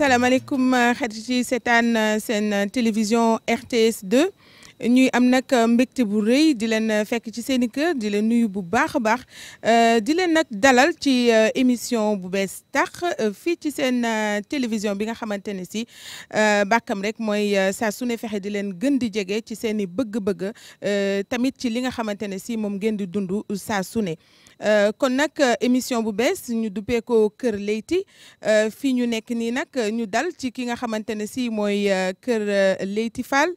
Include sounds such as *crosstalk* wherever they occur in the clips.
salaamaaleykum xarit euh, ci seetaan euh, seen euh, télévision RTS 2 ñuy am nag mbégte bu reuy di len fekk ci sen i kër di len nuyu bu baax baax euh di len nak dalal ci émission bu bees tax fi ci sen télévision bi nga xamante ne euh bakam rek moy sa suné ne di len gën di jege ci sen bëgg bëgg euh tamit ci li nga xamante ne si moom ngeen di dundu sa suné ne euh, kon nak euh, émission bu bees ñu duppé ko Kër Leyti euh, fi ñu nek ni nak ñu dal ci ki nga xamantene ne si mooy Kër Leyti Fall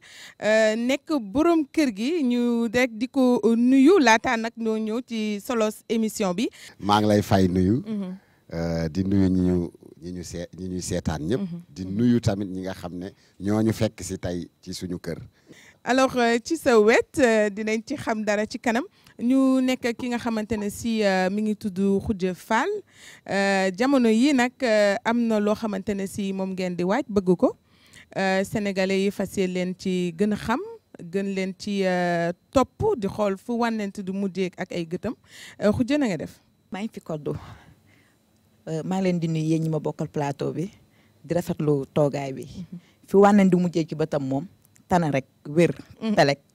nek borom kër gi ñu rek diko nuyu laataa nak ñoo ñëw ci solos émission bi. ma ngi lay fay nuyu. Mhm. euh di nuyu ñi ñu ñi ñu see ñep mhm. di nuyu tamit ñi nga xamné ñoñu fekk ci tay ci suñu kër. alors ci sa wet dinañ ci xam dara ci kanam. ñu nekk ki nga xamante ne si euh, mi ngi tudd Khoudia Fall euh, jamono yi nag euh, am na loo xamante ne si moom ngeen di waaj bëgg ko sénégalais yi fas yéene leen ci gën a xam gën leen ci topp di xool fu wànnent du mujjee ak ay gëtam Khoudia na nga def. maa ngi fi koddu maa ngi leen di nuyu yéen ñi ma bokkal plateau bi di rafetlu toogaay bi mm-hmm. fi wànnent du mujjee ci bëtam moom tana rek wér. telek mm-hmm.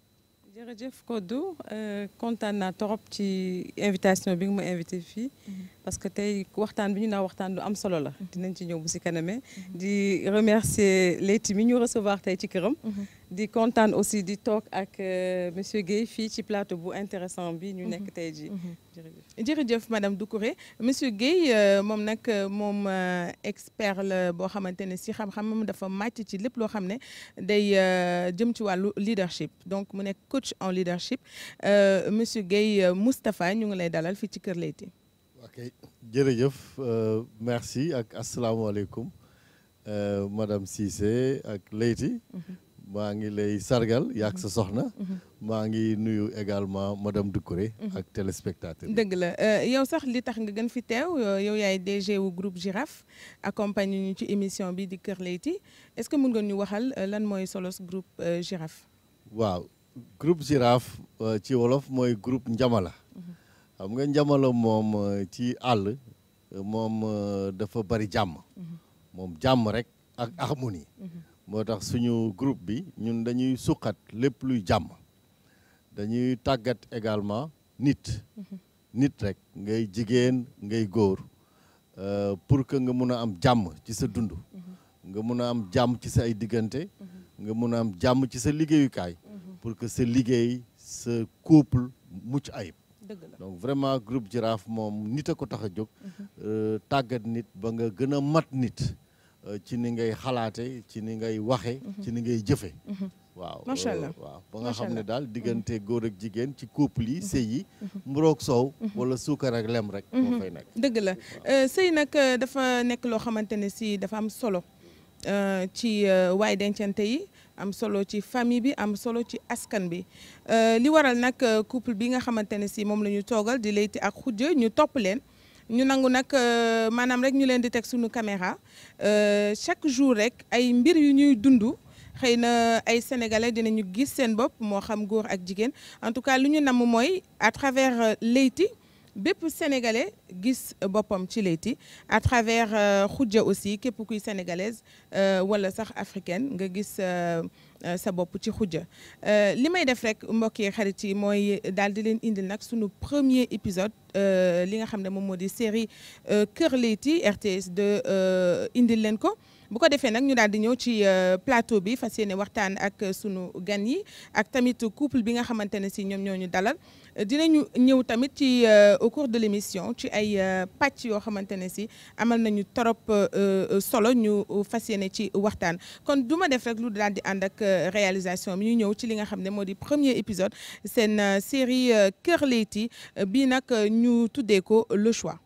jërëjëf Kodo euh, kontaan naa torop ci invitation bi nga ma invité fii mhm. parce que tey waxtaan bi ñu naa waxtaan lu am solo la mhm. dinañ ci ñëw bu si kaname mhm. di remercier Leyti mi ñu recevoir tey ci këram di contane aussi di toog ak euh, monsieur Guèye fii ci plateau bu intéressant bi ñu nekk mhm. tey ji. Mhm. jërëjëf madame Doucouré monsieur Guèye euh, moom nag euh, moom expert la boo xamante ne si xam-xamam dafa màcc ci lépp loo xam ne day jëm ci wàllu leadership donc mu nekk coach en leadership monsieur Guèye Moustapha ñu ngi lay dalal fii ci Kër Leyti. ok jërëjëf merci ak asalaamaaleykum madame Cissé ak Leyti. Mhm maa lay sargal yak sa mm-hmm. soxna mm-hmm. mangi nuyu également madame Doucouré mm-hmm. ak téléspectateur deug la euh, yow sax li tax nga gën fi tew euh, yow yaay DG wu groupe Girafe accompagne ñu ci émission bi di Cœur Leyti est-ce que mun nga ñu waxal euh, lan moy solos groupe Girafe waaw groupe Girafe ci wolof moy groupe Njamala xam nga Njamala mom ci all mom dafa bari jam mom jam rek ak harmonie Mudah suñu grup bi ñun dañuy suqat lepp luy jam dañuy tagat également nit mm-hmm. nit rek ngay jigen gay gor euh pour am jam ci dundu mm-hmm. nga am jam ci sa ay mm-hmm. am jam ci ligai liggéeyu kay se ligai se liggéey sa couple mucc ayib donc vraiment groupe giraffe mom nit taxajuk euh tagat nit ba nga gëna mat nit Euh, ci ni ngay xalaate ci ni ngay waxe ci ni ngay jëfe waaw macha allah waaw ba nga xam ne daal mm-hmm. diggante góor ak jigéen ci couple yi mm-hmm. sëy yi mm-hmm. mburoog soow wala suukar ak lem rek moo fay nekk dëgg la euh, sëy nag euh, dafa nekk loo xamante ne si dafa am solo ci waaye dencante yi am solo ci famille bi am solo ci askan bi li waral nag couple bi nga xamante ne si moom la ñu toogal di layti ak xujj ñu topp leen Nous avons nak euh, manam rek ñu caméra euh, chaque jour rek ay mbir yu ñuy ay sénégalais en tout cas lu ñu à travers euh, l'été. sénégalais gis ci à travers xudja aussi képp kuy sénégalaise wala sax africaine gis. Euh, sa bop ci xujja euh limay def rek mbokki xarit yi moy dal di len indil nak suñu premier épisode euh, li nga xam mom modi série euh, Kër RTS de indil len ko bu ko defee nag ñu daal di ñëw ci euh, plateau bi fas yéene waxtaan ak euh, sunu gan yi ak tamit couple bi nga xamantene ne si ñoom ñoo ñu dalal dinañu ñëw tamit ci euh, au cours de l'émission ci ay patch yo xamantene ne si amal nañu torop solo ñu fas yéene ci waxtaan kon duma def rek lu daal di ànd ak réalisation mi ñu ñëw ci li nga xamné modi premier épisode seen série cœur Leyti bi nak ñu tuddee ko le choix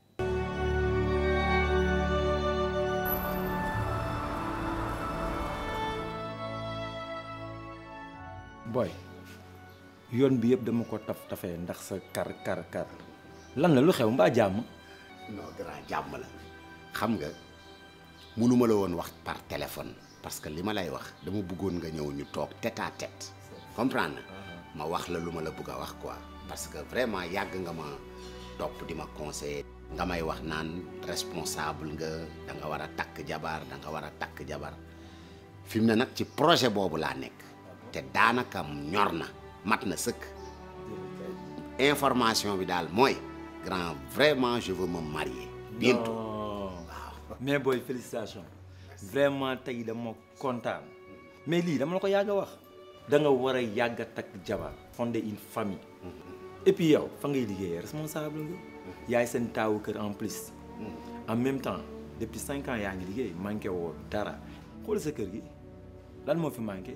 boy yon bi yëpp dama ko taf tafe ndax sa kar kar kar lan la lu xew mbaa jàmm non grand jàmm la xam nga mënuma la woon wax par téléphone parce que li ma lay wax dama bëggoon nga ñëw ñu toog tête à tête comprendre uh-huh. ma wax la lu ma la bëgg a wax quoi parce que vraiment yàgg nga ma topp di ma conseiller nga may wax naan responsable nga da nga war a jabar da nga war a jabar fi mu ne nag ci projet boobu laa nekk te daanaka ñor na mat information bi dal moy grand vraiment je veux me marier bientôt waaw mais boy félicitations vraiment de dama content. mais li dama lako yaga a wax da nga wara a tak jaba fondé fonder une famille et puis yow fa ngay liggéeyee responsable nga yaay sen tawu keur en plus en même temps depuis cinq ans yaa ngi manke wo dara xool sa keur gi lan mo fi manqué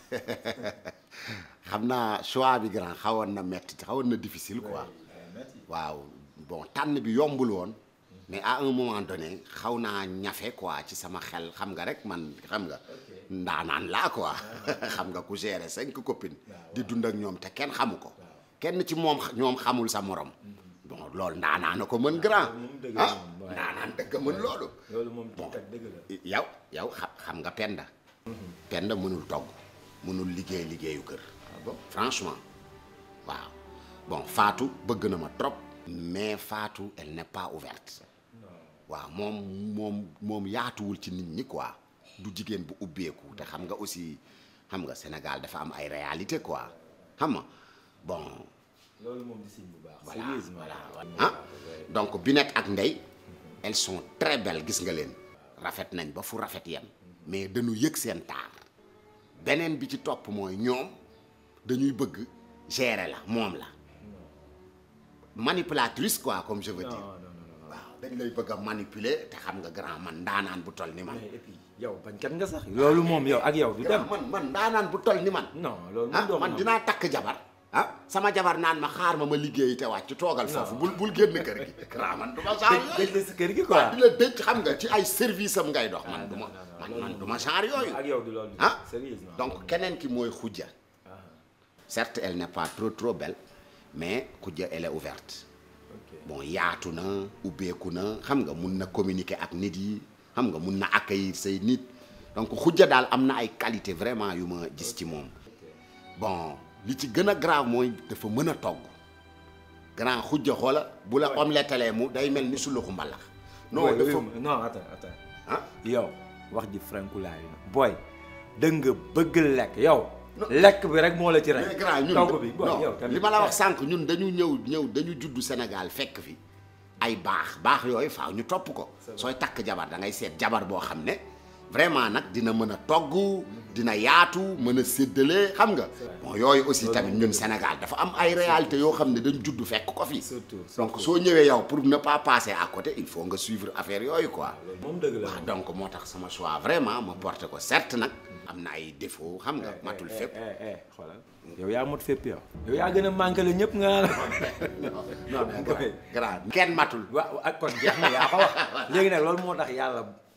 *laughs* xam naa choix bi grand xawoon na metti xawoon na difficile quoi waaw bon tànn bi yombul woon mais à un moment donné xaw naa ñafe quoi ci sama xel xam nga rek man xam nga ndaanaan laa quoi *laughs* xam nga ku gérer cinq copines di dund ak ñoom te kenn xamu ko kenn ci moom ñoom xamul sa morom mm-hmm. bon loolu ndaanaan ko mën grand ah ndaanaan dëgg mën loolu bon yow yow xam nga penda mm-hmm. penda mënul togg mënul liggéey liggéeyu kër. Ah franchement waaw bon Fatou bëgg na ma trop. mais Fatou elle n'est pas ouverte waaw moom moom moom yaatuwul ci nit ñi quoi du jigéen bu ubbeeku te xam nga aussi xam nga Sénégal dafa am ay réalité quoi xam nga bon. loolu moom di bu baax. ah hein? donc bi nekk ak ndey elles sont très belles gis nga leen rafet nañ ba fu rafet yem mhm. mais dañu yëg seen taar benen bi ci top dañuy bëgg gérer la manipulatrice quoi comme je veux dire dañ lay bëgg manipuler té xam nga grand man nan bu toll ni man. et puis yow kan nga sax. lolu mom yow ak yow du dem man man nan man. non lolu ah, man ah sama jabar naan ma xaar ma ma liggéeyi te wàcc toogal foofu bul bul génn kër gi *laughs* man du ma genre yooyu si kër gi quoi di la xam nga ci ay service am ngay dox man du ma ah, man man du ma genre yooyu ak yow du loolu ah donc keneen ki mooy xujja ah. certes elle n'est pas trop trop belle mais xujja elle est ouverte bon yaatu na ubbeeku na xam nga mun na communiquer ak nit yi xam nga mun na accueillir say nit donc xujja daal am na ay qualités vraiment yu ma gis ci moom bon li ci gën a grave mooy dafa mën a togg grand xujja xoola bu la omlettalee mu day mel ni suluxu mbalax non dafa non attends attends yow wax ji frankulaayu na booy dëgg nga bëgg lekk yow lekk bi rek moo la ci rey grand ñun li ma la wax eh. sànq ñun dañu ñëw ñëw dañu juddu senegal fekk fi ay baax baax yooyu faaw ñu topp ko sooy takk jabar da ngay seet jabar boo xam ne vraiment nag dina mën a togg dina yaatu mën a xam nga bon yooyu aussi tamit ñun Sénégal dafa am ay réalité yo xamné dañ judd fekk ko fi donc so ñëwé yow pour ne pas passer à côté il faut nga suivre affaire yoy quoi ah, mom deug la donc motax sama choix vraiment ma porté ko certes nak amna ay défaut xam nga eh, eh, matul eh, fépp xoolal yow ya mot fepp yow yow ya gëna a manqué ñëpp nga *laughs* *laughs* non non grand kenn matul ak kon jeex na ya ko wax léegi nak lool motax yalla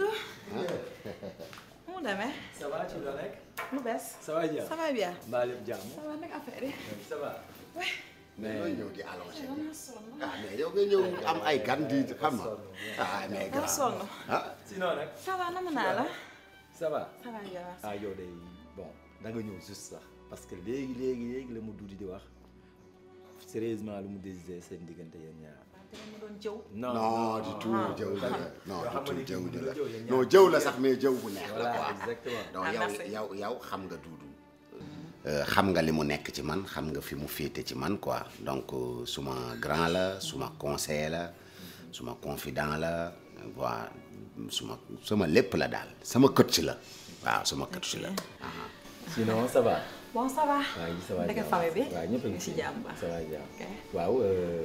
Doudou. nu mu demee. ça va ci la rek. mu bees. ça va bien ça va bien. mbaa lépp jàmm. ça va nag affaire yi. ça va. mais looy ñëw di allongé. ah mais yow nga ñëw am ay gan di xam nga. ah mais grand sonn. ah sinon nag. ça va na mu naa la. ça va. ça va bien. ah yow de bon da nga ñëw juste sax parce que léegi léegi léegi la mu Doudou di wax sérieusement lu mu désiré seen diggante yéen ñaar. No, di tu ha. jauh dah. Ha. No, di tu jauh dah. No, jauh lah sak me jauh pun ya. Exactly. No, yau yau yau ham ga dudu. Eh, ham ga limu nek ciman, ham ga fimu fite ciman kwa. Donc, eh, suma grand la, suma conseil la, suma confident la, wa suma suma lep la dal, suma kutsi la, wa ah, suma kutsi la. Lah. Sino sa ba? Bon sa ba? Ah, sa ba. Dekat famé bi? Ah, ni pengsi jamba. Sa ba jamba. Wow. Eh,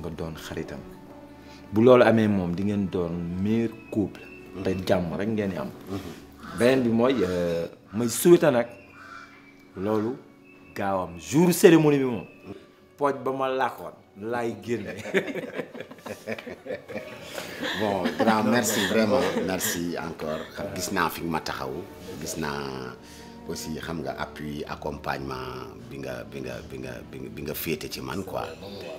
nga doon xaritam bu loolu amee moom di ngeen doon meilleur couple te jàmm rek ngeen am mhm. beneen bi mooy euh, may souhaité nag loolu gaawam jour cérémonie bi moom pooj ba ma làkkoon laay génne *laughs* bon grand merci vraiment merci encore xam gis naa fi ma taxaw gis naa aussi xam nga appui accompagnement bi nga bi nga bi nga bi nga fété ci man quoi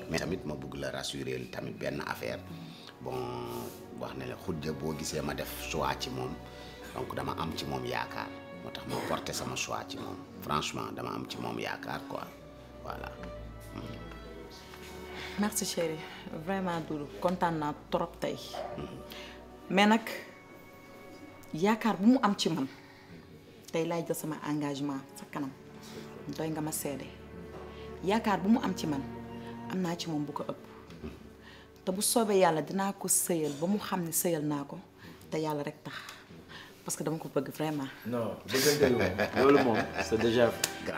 mais tamit ma bëgg la rassurer tamit ben affaire bon wax na la xudja bo gisé ma def choix ci mom donc dama am ci mom yaakar motax ma porter sama choix ci mom franchement dama am ci mom yaakar quoi voilà hmm. merci chérie vraiment dou content na trop tay hmm. mais nak yaakar bu mu am ci man tey laay jël sama engagement sa kanam doy nga ma seede yaakaar bu mu am ci man am naa ci moom bu ko ëpp te bu soobee yàlla dinaa ko sëyal ba mu xam ne sëyal naa ko te yàlla rek tax parce dama ko bëgg vraiment. non bëggante moom loolu moom c'est déjà.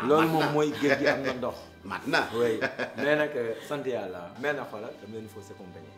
loolu moom mooy géej am na ndox. maintenant oui mais nag euh, sant yàlla mais na xoolal dama leen fausse compagnie.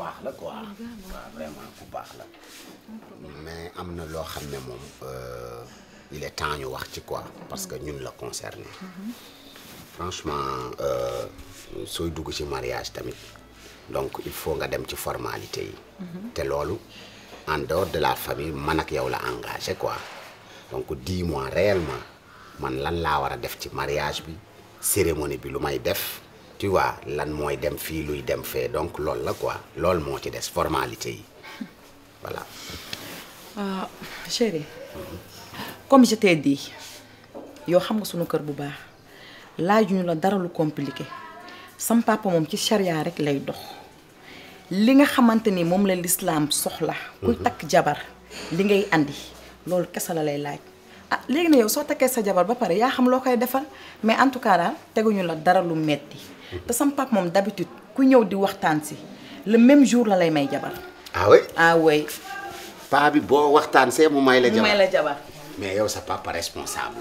baax la quoi ah, vraiment ku baax la mais am na loo xam ne euh, il est temps ñu wax ci quoi parce que ñun la concerné franchement euh, sooy dugg ci mariage tamit donc il faut nga dem ci formalité yi mhm. te loolu en dehors de la famille man ak yow la engagé quoi donc dis-moi réellement man lan laa war def ci mariage bi cérémonie bi lu def tu vois lan mooy dem fi luy dem fait donc c'est la quoi formalité *laughs* voilà. Ah, chérie comme je t'ai dit yo xam nga sunu keur bu la dara lu compliqué sam papa mom ci rek lay dox li nga xamanteni mom la l'islam soxla. Mhm. jabar li ngay andi la lay ah, jabar ba mais en tout cas la dara lu metti te sama pap d'habitude ku di le même jour la ah oui ah oui. paa bi boo waxtaan see may la. jabar may la jabar. mais yow papa responsable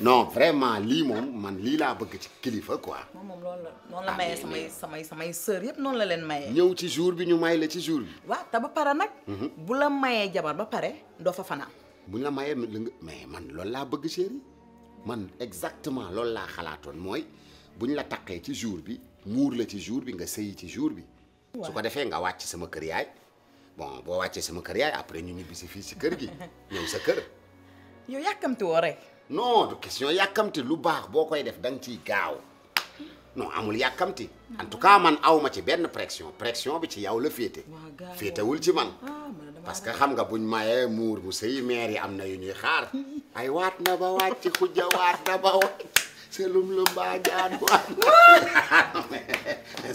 non vraiment li mon man li la bëgg ci kilifa quoi. Non mom loolu la la ah, samay samay samay sœur yépp non la len le ci jour bi ñu may ci jour bi. Wa, ta ba para nak, mhm. bu la jabar ba paré, do fa fana. bu la mais man loolu la bëgg chérie man exactement loolu laa bu ñu la taqee ci jour bi muur la ci jour bi nga sey ci jour bi. su ko defee nga wàcc sama kër yaay bon boo wàccee sama kër yaay après ñu ñibbi si fii si kër gi *laughs* ñëw sa kër. yow yàkkamti rek. non du question lu baax boo koy def dang nga ciy gaaw non amul yàkkamti en tout cas man aw ma ci benn pression pression bi ci yow la féete. féetewul ci man. Ah, parce que xam nga buñ mayee muur bu sey maire yi am na yu ñuy xaar. *laughs* ay waat na ba wàcc xujja waat na ba wàcc. selum lu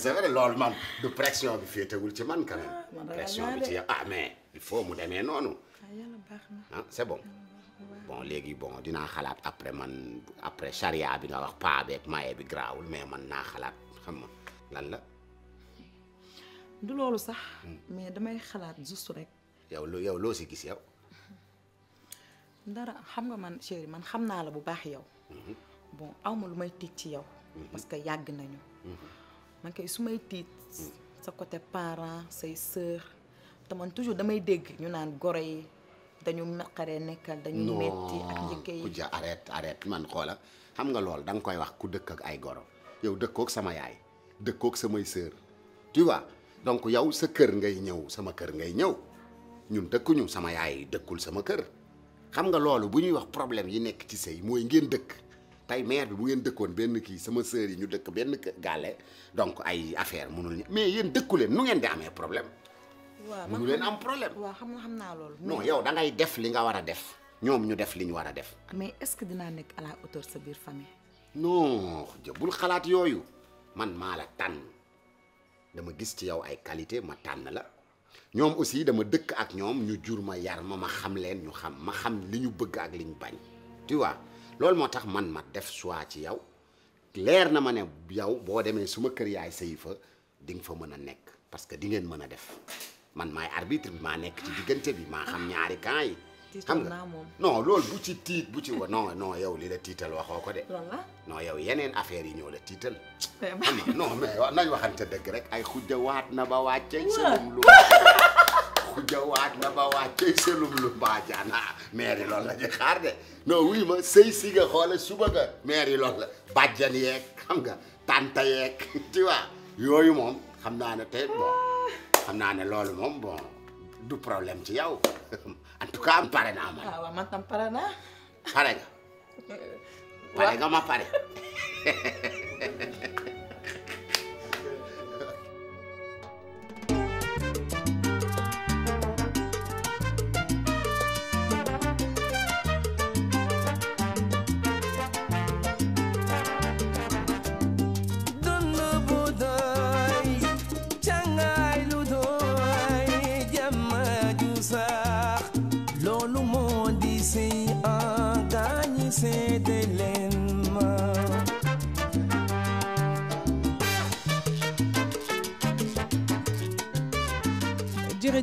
c'est vrai loolu man du pression bi féetewul ci man quand même pression bi ci ah mais il faut mu demee noonu ah c'est bon bon léegi bon dinaa xalaat après man après charia bi nga wax paa beeg maye bi garaawul mais man naa xalaat xam lan la du loolu sax mais damay xalaat juste rek yow loo yow loo si gis yow dara xam nga man chéri man xam la bu baax yow bon awma lu may tiit ci yow mhm. parce que yàgg nañu mhm. man kay su may tiit mhm. sa côté parent say sœur taman toujours damay dégg ñu naan goro yi dañu naqaree nekkal dañu metti ak njëkke yi Koudia arrête arrête man xoola xam nga lool da nga koy wax ku dëkk ak ay goro yow dëkkook sama yaay dëkkook samay sœur tu vois donc yow sa kër ngay ñëw sama kër ngay ñëw ñun dëkkuñu sama yaay dëkkul sama kër xam nga loolu bu ñuy wax problème yi nekk ci sëy mooy ngeen dëkk tey maire bi bu ngeen dëkkoon benn kii sama sœur yi ñu dëkk benn gàlle donc ay affaire mënul mais yéen dëkku leen nu ngeen di amee problème waaw mënu leen am problème waaw xam nga xam naa loolu non yow da def li nga war a def ñoom ñu def li ñu war a def mais est-ce que dinaa nekk à sa biir famille non xalaat yooyu man maa la tànn dama gis ci yow ay qualité ma tànn la ñoom aussi dama dëkk ak ñoom ñu jur yar ma ma xam leen ñu xam ma xam li ñu bëgg ak li ñu bañ tu vois loolu moo tax man ma def choix ci yow leer na ma ne yow boo demee suma kër yaay sëy fa di nga fa mën a nekk parce que di ngeen mën a def man maay arbitre bi maa nekk ci diggante bi maa xam ñaari camp yi. xam nga non bu ci tiit bu ci wa non non yow li la tiital waxoo ko de. non yow yeneen affaire yi ñoo la tiital. non mais nañ waxante dëgg rek ay xujja waat na ba wàcce. waaw ku jawaat na ba waaj cay selum lu mbaajaan ah maire yi loolu la ñu xaar de non wuy ma sëy si suba nga maire yi la bàjjan yeeg xam nga tanta yeeg *laughs* tu vois yooyu moom xam naa ne tey bon xam naa ne loolu moom bon du problème ci yow *laughs* en tout pare naa man. Ah, pare naa. pare nga. *laughs* ma pare.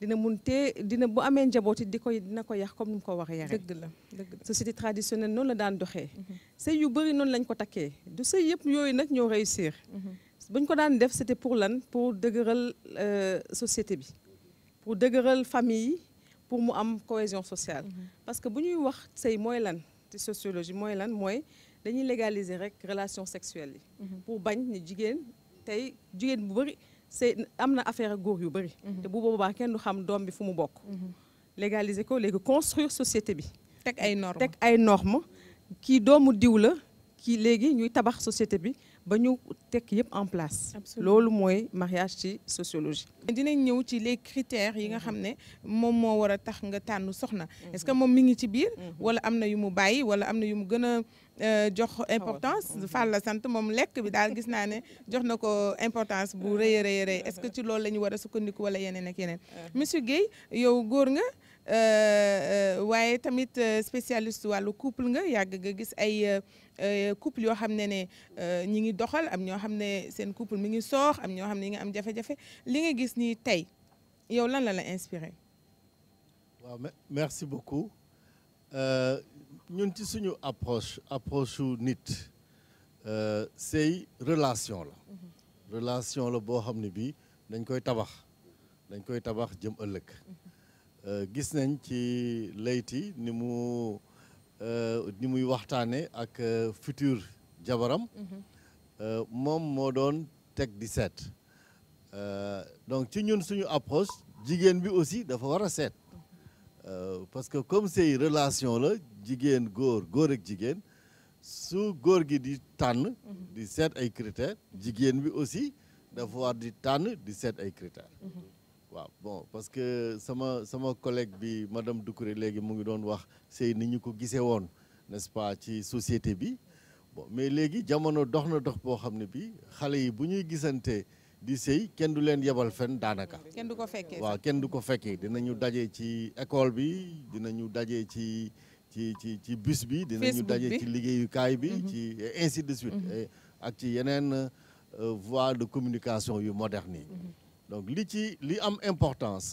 dina munte dina bu amé njaboot it dina ko yax comme ni ko waxee yare deug la dëgg la société traditionnelle non la dan doxé mhm. sëy yu bëri non lañ ko takkee du sëy yëpp yoy nak ñoo réussir mhm. buñ ko dan def c'était pour lan pour euh, société bi pour dëgëral famille pour mu am cohésion sociale mhm. parce que buñuy wax sëy moy lan ci sociologie moy lan moy dañuy légaliser rek relation sexuelle pour bañ ni jigen tey jigen bu bëri c'est une affaire gourou yu bari mhm. te bu kenn du xam bi mhm. légaliser ko construire société bi. tek ay normes tek ay normes ki domou diw la ki ñuy tabax société bi ba ñu tekk en place. loolu mooy mariage ci sociologie. dinañ ñëw ci les critères yi nga xam ne moom moo war a tax nga tànn soxna. Mhm. est-ce que moom mi ngi ci biir. Mhm. wala am na yu wala am na yu euh, jox ah importance mhm. Fall la sant moom lekk bi daal gis naa ne jox na ko importance bu ah. rëy est-ce que ci loolu la ñu war a sukkandiku wala yeneen ak ah. monsieur Guèye yow góor nga. Euh, euh, waaye tamit euh, spécialiste wàllu couple nga yàgg nga gis ay couple yoo xam ne ne ñi ngi doxal am ñoo xam ne seen couple mi ngi soox am ñoo xam ne ñi ngi am jafe-jafe li nga gis nii tey yow lan la la inspiré. waaw merci beaucoup ñun ci suñu approche approche su nit sëy relation la. Mm-hmm. relation la boo xam ne bii dañ koy tabax dañ koy tabax jëm ëllëg. Mm-hmm. Euh, gis nañ ci Leyti ni mu euh, ni muy waxtaane ak euh, futur jabaram mhm. moom moo doon teg di seet donc ci ñun suñu approche jigéen bi aussi dafa war a seet parce que comme sey relation la jigéen góor góor ak jigéen su góor gi di tànn mhm. di seet ay critères jigéen bi aussi dafa war di tànn di seet ay critères mhm. bon parce que sama collègue bi madame Doucouré légui c'est ko n'est-ce pas société bi mais légui jamono bi yi di yebal du ko ko dinañu ci école bi dinañu ci ci bus bi. dinañu ci bi. Mhm. ainsi de suite. Mhm. ak ci euh, voie de communication moderne donc li ci li am importance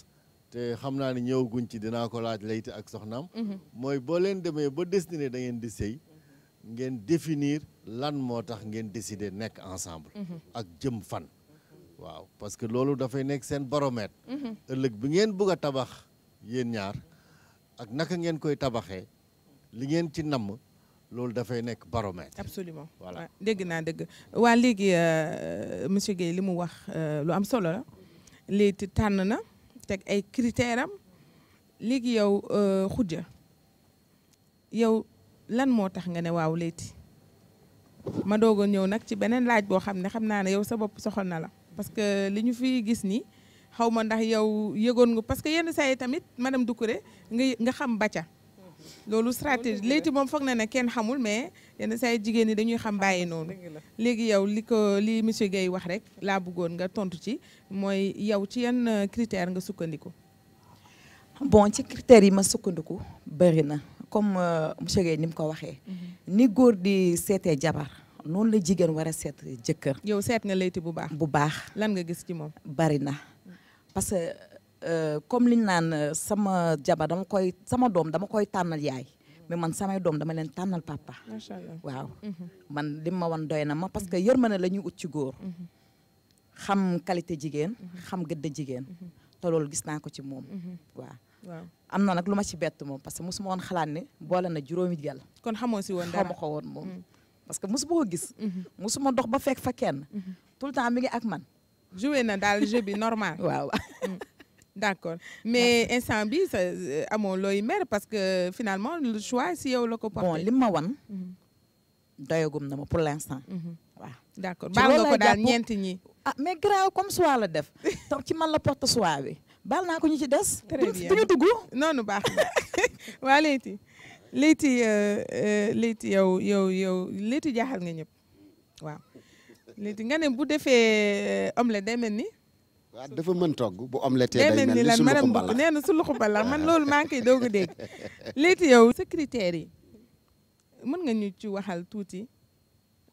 te xam naa ne ñëwaguñ ci dinaa ko laaj layti ak soxnaam mhm. mooy boo leen demee ba destiné da ngeen di sëy ngeen définir lan moo tax ngeen décider nekk ensemble mhm. ak jëm fan waaw parce que loolu dafay nekk seen baromètre mhm. ëllëg bi ngeen bëgg a tabax yéen ñaar ak naka ngeen koy tabaxee li ngeen ci namm loolu dafay nekk baromètre. absolument voilà dégg naa dëgg waa léegi euh, monsieur Guèye li mu wax euh, lu am solo la léegi tànn na teg ay critères am léegi yow euh, Khoudia yow lan moo tax nga ne waaw léegi ma doog ñëw nag ci beneen laaj boo xam ne xam naa ne yow sa bopp soxal na la parce que li ñu fi gis nii xaw ma ndax yow yëgoon nga parce que yenn saa yi tamit madame Doucouré nga nga xam bàcca loolu stratégie léegi moom foog na ne kenn xamul mais yenn saa jigéen ñi dañuy xam bàyyi noonu. léegi yow li ko li monsieur Guèye wax rek laa bëggoon nga tontu ci mooy yow ci yan euh, critère nga sukkandiku. bon ci critères yi ma sukkandiku bëri na comme euh, monsieur Guèye ni ko waxee. Mhm. ni góor di seetee jabar noonu la jigéen war a seet jëkkër. yow seet nga Leyti bu baax. bu baax lan nga gis ci moom. bari na Euh, comme li naan euh, sama jaba dama koy sama doom dama koy tànnal yaay mais man samay doom dama leen tànnal papa. macha allah waaw. Mhm. man li ma wan doy na ma parce que yërmande la ñuy ut ci góor. Mhm. xam qualité jigéen. Mhm. xam gëdd jigéen. te loolu gis naa ko ci moom. waaw waaw am na nag lu ma ci bett moom parce que mosuma woon xalaat ne boole na juróomi gal kon xamoo si woon dara xamu ko woon moom. parce que mosuma ko gis. mosuma dox ba fekk fa kenn. tout temps mi ngi ak man. joué na daal jeu bi *laughs* waaw. D'accord, mais instant euh, bi parce que euh, finalement le choix c'est yow la bon mhm. pour l'instant mhm. ah, mais grave comme def. *laughs* donc ci la porte bi. très bien euh, omelette waaw dafa mën togg bu omelette day mel ni suluxu mbalax nee na suluxu mbalax *laughs* man loolu maa ngi koy doog a dégg léegi yow sa yi mën nga ñu ci waxal tuuti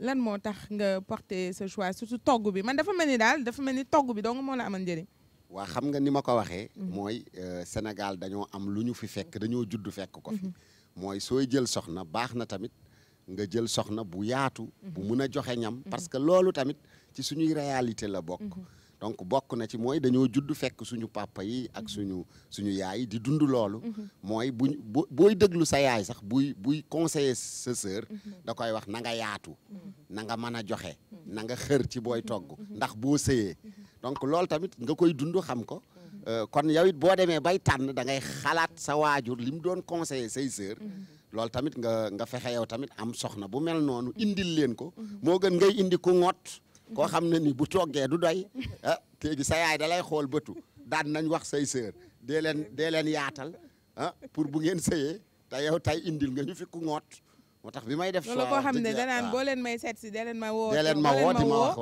lan moo tax nga porter ce choix surtout togg bi man dafa mel ni daal dafa mel ni togg bi dong moo la amal njëriñ waa xam ni ma ko waxee mhm. mooy euh, Sénégal dañoo am lu ñu fi fekk mhm. dañoo judd fekk ko fi mhm. mooy sooy jël soxna baax na tamit nga jël soxna bu yaatu bu mun a joxe ñam parce que loolu tamit ci suñuy réalité la bokk donc bokk na ci mooy dañoo judd fekk suñu papa yi ak mhm. suñu suñu yaay di dund loolu mhm. mooy buñ booy déglu sa yaay sax buy buy conseiller sa sœur mhm. da koy wax na nga yaatu na nga mën a joxe na nga xër ci booy togg ndax boo sëyee donc loolu tamit nga koy dund xam ko euh, kon yow it boo demee bay tànn da ngay xalaat sa waajur li mu doon conseiller say sœur loolu tamit nga nga fexe yow tamit am soxna bu mel noonu indil leen ko moo gën ngay indi ku ŋot koo xam ne ni bu toggee du doy ah léegi sa yaay da lay xool bëtu daan nañ wax say sœur dee leen dee leen yaatal ah pour bu ngeen sëyee te yow tey indil nga ñu fi ku ŋoot moo tax bi may def. loolu koo xam ne danaan boo leen may seet si dee leen ma woo. leen ma woo di ma wax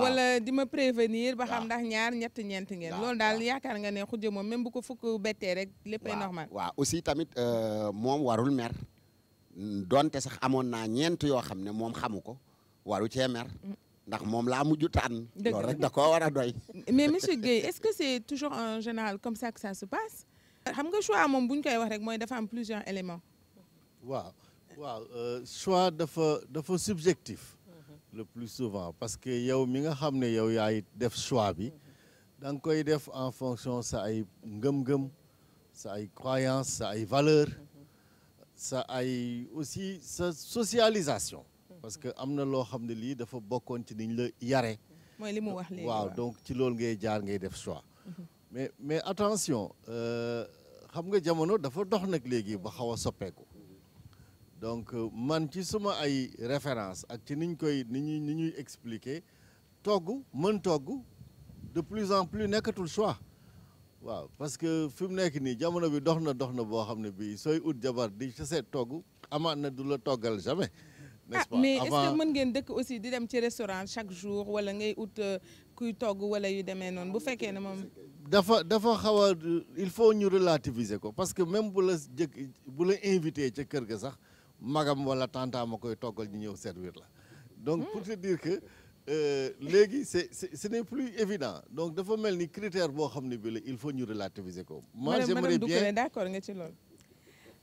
wala di ma prévenir. ba xam ndax ñaar ñett ñeent ngeen. loolu daal yaakaar nga ne xujje moom même bu ko fukk bete rek. léppay normal waaw aussi tamit euh, moom warul mer. donte sax amoon naa ñeent yoo xam ne moom xamu ko waru cee mer. Mm. ndax rek mais monsieur Gay, est-ce que c'est toujours en général comme ça que ça se passe. xam nga choix mon bu ñu koy wax rek il dafa am plusieurs éléments. waaw waaw euh, choix dafa dafa subjectif. le plus souvent parce que yow mi nga xam y yow yaay def choix bi da il koy en fonction sa ay ngëm-ngëm sa ay croyance sa ay valeur sa ay aussi sa socialisation parce que amna lo xamné Li, dafa bokkoon ci niñ la yare moy limu wax légui waaw donc ci lool ngay jaar ngay def choix. Mhm. mais mais attention euh, xam nga jamono dafa dox nak légui ba xawa soppeku donc euh, man ci suma ay référence ak ci niñ koy niñ niñuy expliquer togg mën togg de plus en plus nekkatul choix. waaw parce que fi mu nekk nii jamono bi dox na dox na boo xam ne bii sooy ut jabar di sa seet togg amaat na du la toggal jamais. Ah, mais est-ce que vous aussi chaque jour euh, ou il faut nous relativiser parce que même si vous voulez je servir donc pour te dire que euh, ce n'est plus évident donc il faut critère critères il faut nous relativiser moi j'aimerais d'accord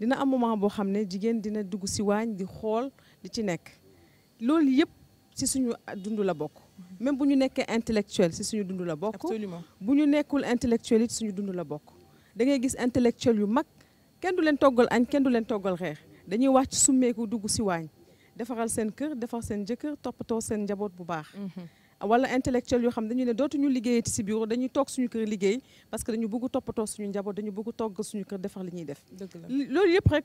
dina am moment boo xam ne jigéen dina dugg si waañ di xool di ci nekk loolu yëpp si suñu dund la bokk même bu ñu nekkee intellectuel si suñu dund la bokk bu ñu nekkul intellectuel it suñu dund la bokk da ngay gis intellectuel yu mag kenn du leen toggal añ kenn du leen toggal xeex dañuy wàcc summeeku dugg si waañ defaral seen kër defar seen jëkkër toppatoo seen njaboot bu baax mm-hmm. wala intellectuel yo ci bureau suñu kër parce que dañu suñu dañu suñu kër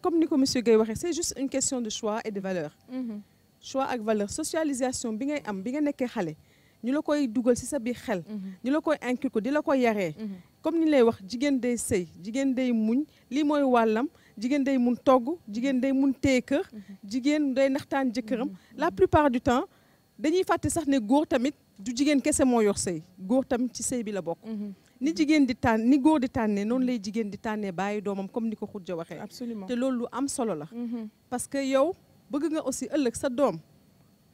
comme monsieur c'est juste une question de choix et de valeur mm-hmm. choix ak valeur socialisation bi ngay am bi nga nekké Nous ñu la koy duggal ci sa bi xel mm-hmm. ñu la koy inculquer di la koy mm-hmm. comme ni lay wax jigen day sëy jigen day muñ li moy walam jigen day muñ togg jigen day muñ la plupart du temps dañuy faté sax ne góor tamit du jigen kese mo yox sëy góor tamit ci bi la bok mhm. ni jigen di ni góor di tànnee non lay jigen di comme absolument am solo la. Mhm. parce que yow bëgg nga aussi sa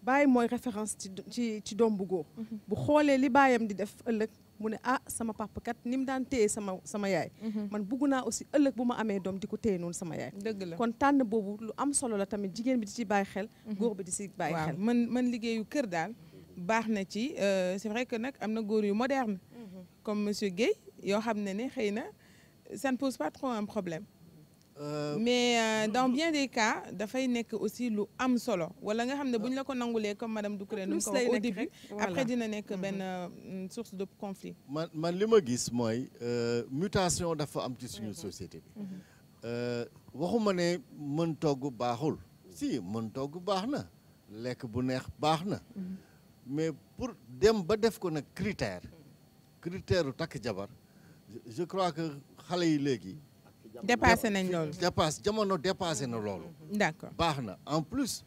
bàyyi moy référence ci ci ci bu góor mhm. bu xoolee li bayam di def euleuk mu ne ah sama papa kat ni dan daan sama sama yaay mhm. man buguna aussi euleuk buma ma dom diko di non sama yaay dëgg la kon tan bobu lu am solo la tamit jigen bi di ci baye xel mhm. goor bi di ci baye xel man man ligéyu kër dal baxna na ci euh, c'est vrai que nak amna goor yu moderne comme monsieur Gay, yo xamné ne xeyna ça ne pose pas trop un problème Euh, mais euh, dans bien des cas dafay nekk aussi lu am solo wala nga xam ne bu ñu la ko nangulee comme madame Doucouré nu mu ko wax au début après dina nekk mhm. benn euh, source de conflit man man li ma gis mooy mutation dafa am ci suñu mhm. société bi mhm. waxuma ne mën togg baaxul si mën togg baax na lekk bu neex baax na mais pour dem ba def ko nag critère critère u takk jabar je crois que xale yi léegi dépassé nañ loolu dépassé jamono dépassé na loolu d'accord baxna en plus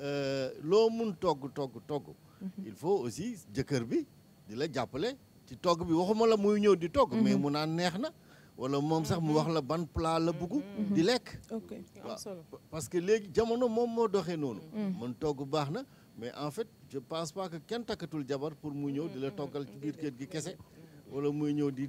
euh lo mun togg togg togg mhm. il faut aussi jëkkër bi di la jappalé ci togg bi waxuma la muy ñëw di togg mhm. mais mu naan neex na wala mom sax mu mhm. wax la ban plat la bugg di lek OK parce que légui jamono mom mo doxee noonu man togg baxna mais en fait je pense pas que kenn takatul jabar pour mu ñëw di la toggal ci biir kër gi kessé wala muy ñëw di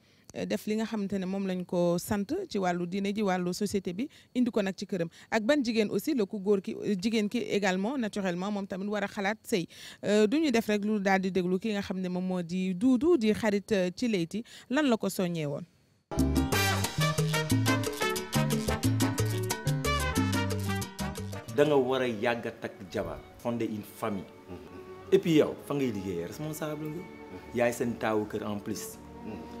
def li nga xamante ne moom lañ ko sant ci wàllu diine ji wàllu société bi indi ko nag ci këram ak ban jigéen aussi la ko góor ki jigéen ki également naturellement moom tamit war a xalaat sëy euh, du ñu def rek lu daal di déglu ki nga xam ne moom moo di duudu di xarit euh, ci leyti lan la ko soññee woon nga war a yàgg a takk jabar fonder mm-hmm. fa ngay liggéeyee responsable nga mm-hmm. yaay seen taawu kër en plus mm-hmm.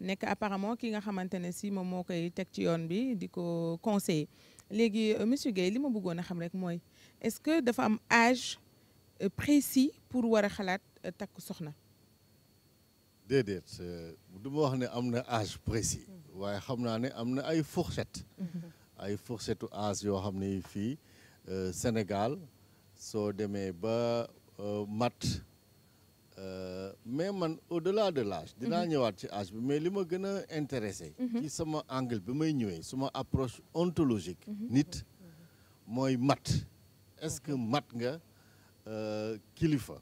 nek apparemment ki nga xamantene si mom moo koy teg ci yoon bi diko ko conseiller léegi euh, monsieur gay lima ma xam rek moy est-ce que dafa am âge euh, précis pour wara xalat tak euh, takk soxna. déedéet du ma wax ne amna âge précis. Mm-hmm. waye xamna naa ne am ay fourchette. Mm-hmm. ay fourchette âge yo xam fi fii Sénégal so démé ba mat. Euh, mais man au delà de l'âge dinaa mhm. ñëwaat ci âge bi mais li ma gën a intéressé mhm. ci sama angle bi may ñëwee suma approche ontologique mhm. nit mooy mat est-ce que mat nga euh, kilifa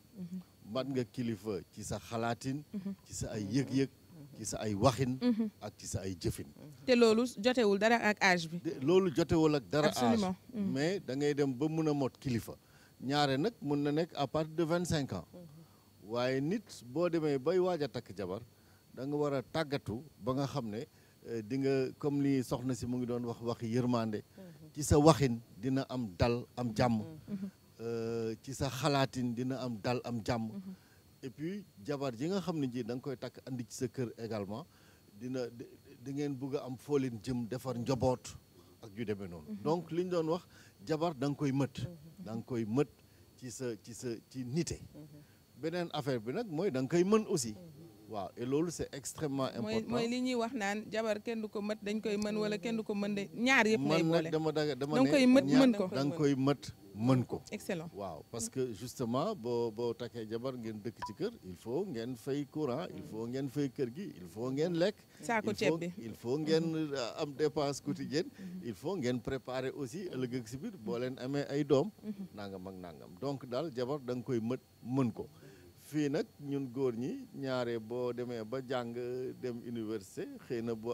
mat nga kilifa ci sa xalaatin ci sa ay yëg-yëg ci sa ay waxin ak ci sa ay jëfin te loolu jotewul dara ak âge bi loolu jotewul ak dara âge mais da ngay dem ba mun a mot kilifa ñaare nag mun na nekk à partir de vingt cinq ans waaye nit boo demee bay waaj a takk jabar da nga war a tàggatu ba nga xam ne eh, di nga comme li soxna si mu ngi doon wax wax yërmande mhm. ci sa waxin dina am dal am jàmm mhm. Mhm. Eh, ci sa xalaatin dina am dal am jàmm et puis jabar ji nga xam ne ji da nga koy takk andi ci sa kër également dina di ngeen bëgg a am foolin jëm defar njoboot ak yu demee noonu donc li ñu doon wax jabar da nga koy mët da nga koy mët ci sa ci sa ci nite beneen affaire bi nag mooy danga koy mën aussi. waaw loolu c'est extrêmement important mooy li ñuy wax naan jabar kenn ko mët dañ koy mën wala kenn ko mën de ñaar yëpp lay boole dama dama ne koy mët mën ko nga koy mët mën ko excellent waaw parce que justement boo boo takkee jabar ngeen dëkk ci kër il faut ngeen fay courant il faut ngeen fay kër gi il faut ngeen lekk saako ceeb bi il faut ngeen mhm. euh, am dépense quotidienne mhm. il faut ngeen préparer aussi ëllëg ak si biir boo leen amee ay doom mhm. nangam ak nangam donc daal jabar da nga koy mët mën ko Nous sommes en université,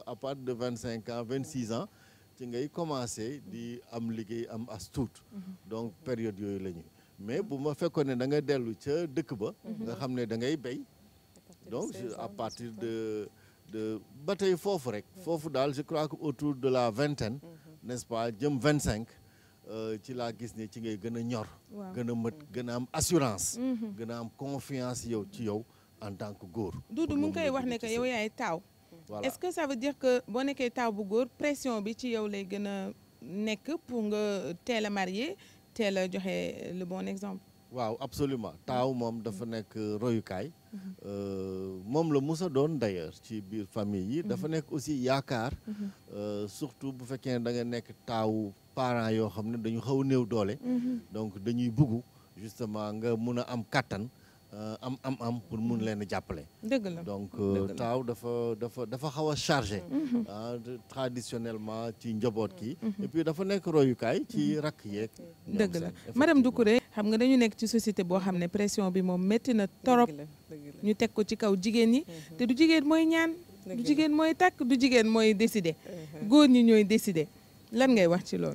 à partir de 25 ans, 26 ans, nous avons commencé mhm. mhm. à faire des astuces. Donc, la période de la Mais si je fais que nous avons fait des choses, nous avons fait des Donc, à partir de. de bataille Fofrek, Fofdal, je crois autour de la vingtaine, mhm. n'est-ce pas, 25 ans. Euh, ci la gis ni ci ngay gëna ñor gëna a gëna am assurance mhm. gëna am confiance yow ci yow en tant que góor Doudou mu ngi wax ne que yow yaay taw est-ce que ça veut dire que bo nekkee taw bu góor pression bi ci yow lay gëna nek pour nga teel a marié teel a joxe le bon exemple waaw absolument taw mom dafa nek mhm. nekk mhm. euh mom le musa doon d'ailleurs ci biir famille yi dafa nek aussi yakar euh surtout bu fekkee da nga nek taaw parents yo xam dañu xaw neew néew doole. Mm-hmm. donc dañuy bugu justement nga mëna a am kàttan euh, am am am pour mun leen a jàppale. la donc euh, taw dafa dafa dafa xawa a chargé. Mm-hmm. Ah, traditionnellement ci njaboot ki mm-hmm. et puis dafa nek royu kay ci rak yeeg. deug la madame doukouré xam nga dañu nek ci société bo xam pression bi mom metti na torop ñu tek ko ci kaw jigen ñi te du jigen moy ñaan. du jigen moy tak du jigen moy décider goor ñi ñoy décider lan ngay wax ci lool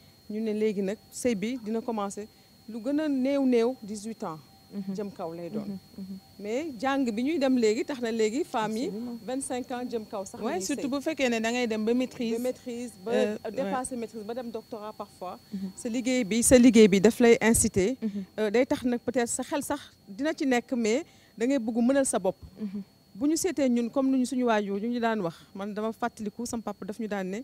ñu ne léegi nag sëy bi dina commencé lu gën a néew 18 ans. Mhm. jëm kaw lay doon. Mhm. Mhm. mais Jang, bi ñuy dem légui tax na léegi femmes 25 ans jëm kaw sax. waaye surtout bu fekkee ne da ngay dem ba maîtrise. ba maîtrise ba euh, dépassé maîtrise ba dem doctorat parfois. sa liguey bi sa liguey bi daf lay incité. Euh, day tax nak peut-être sa xel sax dina ci nekk mais da ngay bëgg mënal sa bopp. bu ñu sété ñun comme ñu suñu waajur ñu daan wax man dama fatali ku sama papa daf ñu daan ne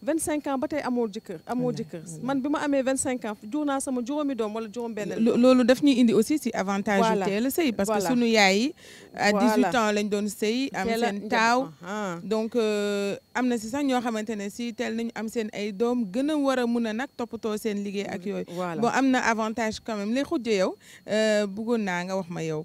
25 ans batay tey amoo jëkkër amoo man bima amé 25 ans jur sama juróomi dom wala juróom benn lolu daf ñuy indi aussi ci avantage yu teel a parce que suñu yaay yi à 18 ans lañ doon sëy am sen taw donc euh, amna ci sax ño xamantene si tel nañu am sen ay dom gëna wara mëna nak mun sen liggéey ak yoy bon amna avantage quand même léegi xujje yow euh naa nga wax ma yow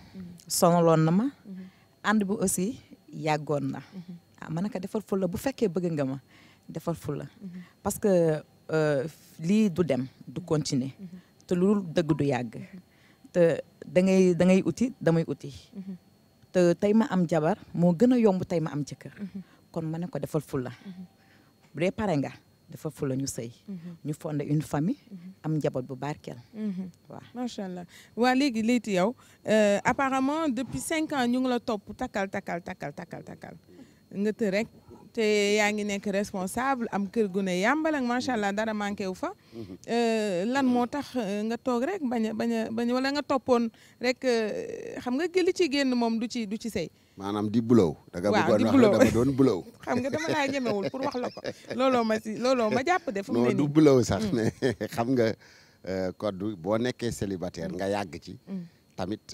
sonolonama mhm. and bu aussi yagona mhm. ah, manaka defal fula bu fekke beug nga ma defal fula mhm. parce que euh, li du dem du continuer te lul deug du yag te da ngay da ngay outil damay outil te tay ma am jabar mo gëna yomb tay ma am ci kon manako defal fula bu dé paré nga dafa fula ñu sey mhm. ñu fondé une famille mhm. am njaboot bu wa mhm. waaw macha allah légui léegi Leyti yow euh, apparemment depuis cinq ans ñu ngi la top takal takal takal takal takal nga të rek te yaa ngi nekk responsable am kër gu ne yàmbal macha allah dara manqué wu fa. Euh, lan moo tax euh, nga toog rek bañ a bañ a bañ wala nga toppoon rek euh, xam nga li ci génn moom du ci du ci sëy. maanaam di bulow. waaw di wax dama doon *laughs* xam nga dama laa ñemewul pour wax la ko looloo ma si ma jàpp de. fu mu du bulow sax mm. ne *laughs* xam nga code boo nekkee célibataire nga yàgg ci. Mm. tamit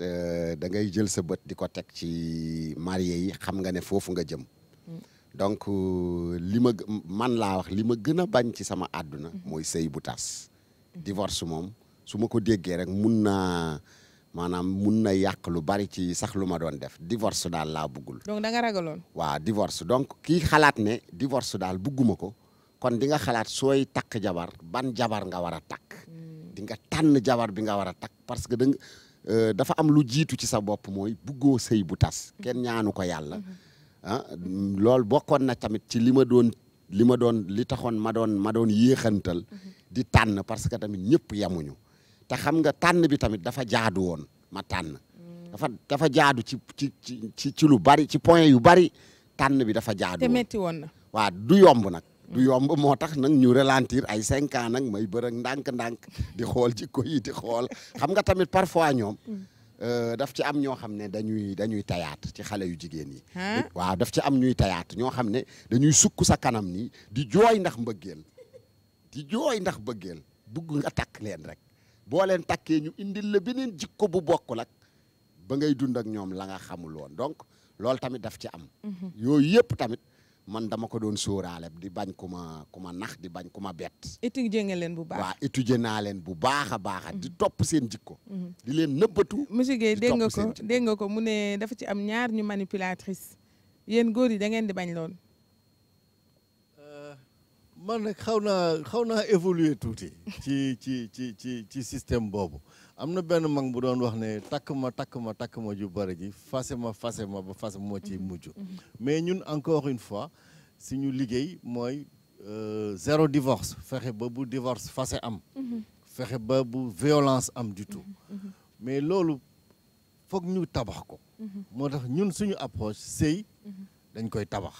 da ngay jël sa bët di ko teg ci marié yi xam nga ne foofu nga jëm. donc euh, li ma man laa wax li ma gën a bañ ci sama àdduna mhm. mooy sëy bu tas mhm. divorce moom su ma ko déggee rek mun na maanaam mun na yàq lu bari ci sax lu ma doon def divorce daal laa buggul donc da nga ragaloon waaw divorce donc kii xalaat ne divorce daal bugguma ko kon di nga xalaat sooy takk jabar ban jabar nga war a takk mm. dinga nga tànn jabar bi nga war a takk parce que da nga euh, dafa am lu jiitu ci sa bopp mooy buggoo sëy bu tas mhm. kenn ñaanu ko yàlla ah loolu bokkoon na tamit ci li ma doon li ma doon li taxoon ma doon ma doon di tànn parce que tamit ñëpp yemuñu te xam nga tànn bi tamit dafa jaadu woon ma tànn dafa dafa jaadu ci ci ci ci lu bari ci point yu bari tànn bi dafa jaadu te woon na waaw du yomb nag du yomb moo tax nag ñu ralentir ay cinq ans nag may bërëg ndànk-ndànk di xool ci ko di xool xam nga tamit parfois ñoom Euh, daf ci am ñoo xam ne dañuy dañuy tayaat ci xale yu jigéen yi waaw daf ci am ñuy tayaat ñoo xam ne dañuy sukk sa kanam nii di jooy ndax mbëggeel di jooy ndax mbëggeel bugg nga takk leen rek boo leen takkee ñu indil la beneen jikko bu bokk ak ba ngay dund ak ñoom la nga xamul woon donc loolu tamit daf ci am mhm. yooyu yëpp tamit man dama ko doon sóoraale di bañ ku ma ku nax di bañ ku ma bett. étudier nga leen bu baax waaw étudier naa leen bu baax a baax. di mhm. topp seen jikko. Mhm. di leen nëbbatu. monsieur Guèye dégg nga ko dégg nga ko mu ne ci am ñaar ñu manipulatrice yéen góor yi da ngeen di bañ lool. Euh, man nag xaw na xaw naa évoluer tuuti. ci ci ci ci ci système boobu. amna ben mag bu doon wax ne ju fasema ba ci mhm. Mhm. mais ñun encore une fois suñu euh, zéro divorce Il ba divorce fase am mhm. violence am du tout mais lolu foog ñu tabax ko motax ñun suñu approche sey dañ koy tabax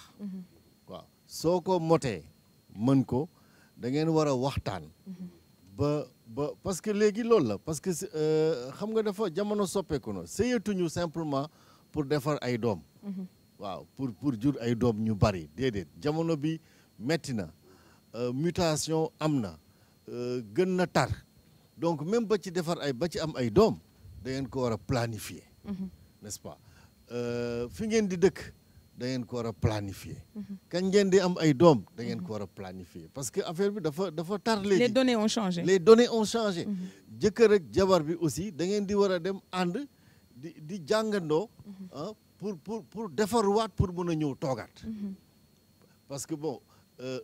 waaw parce que léegi loolu la parce que euh, xam nga dafa jamono soppeeku na sëyeetuñu simplement pour defar ay doom. Mhm. waaw pour pour jur ay doom ñu bari déedéet jamono bi metti na euh, mutation am na euh, gën na tar donc même ba ci defar ay ba ci am ay doom dangeen ko war a planifier. Mhm. n'est-ce pas fi ngeen di dëkk. da ko war planifier. Mhm. kañ ngeen am ay doom da ko war planifier parce que affaire bi dafa dafa tar les données ont changé les données ont changé. Mhm. jëkkër ak jabar bi aussi da ngeen dem and di di jàngandoo. Mhm. ah pour pour pour defarwaat pour mën a togat. parce que bon euh,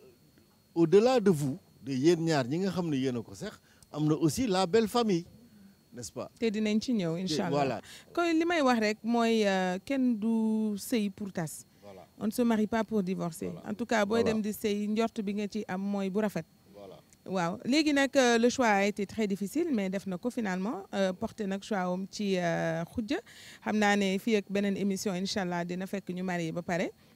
au-delà de vous de yéen ñaar ñi nga xam ne yéen a ko sax aussi la belle famille n'est-ce pas te dinañ ci ñëw incha allah voilà kon li may wax rek mooy euh, kenn du sëy pour tas on ne se marie pas pour divorcer en tout cas booy dem di sëy njort bi nga ci am mooy bu rafet waaw léegi nag euh, le choix a été très difficile mais def finalement euh, porté nag choix am ci xujja xam naa ne fii ak beneen émission incha allah dina fekk ñu marié ba pare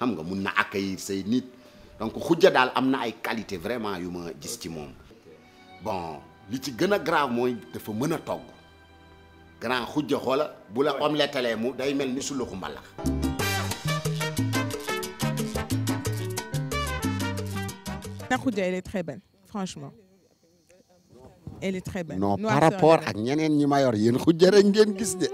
xam nga mun na accueillir say nit donc xujja daal am na ay qualité vraiment yu ma gis ci moom bon li ci gën a grave mooy dafa mën a togg grand xujja xoola bu la omlettalee mu day mel ni suluxu mbalax na xujja elle est très belle franchement elle est très belle non par rapport ak ñeneen ñi ma yor yéen xujja rek ngeen gis de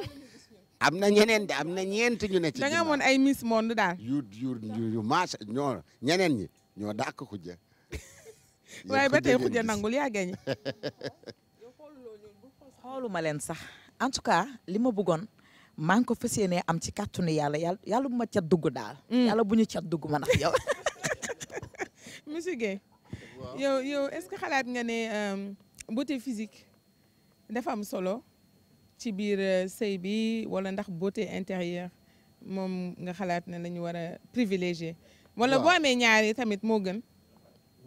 am na ñeneen de am na ñeent ñu ne. ci da amoon ay Miss Monde daal. yu yu yu macha ñoo ñeneen ñi ñoo dàq xuja. *laughs* waaye ba tey xuja nangul yaa gañ. *laughs* xooluma leen sax en tout cas li ma bëggoon maa ngi ko fas yéenee am ci kàttanu yàlla yàlla yàlla bu dugg daal. Mm. bu ñu cat dugg ma ndax yow. *laughs* monsieur Guèye. yow yow que xalaat nga ne euh, beauté physique dafa am solo. ci biir euh, sëy bi wala ndax beauté intérieure mom nga xalaat ne lañu wara privilégier privilégié. wala bo amé ñaari tamit mo gën.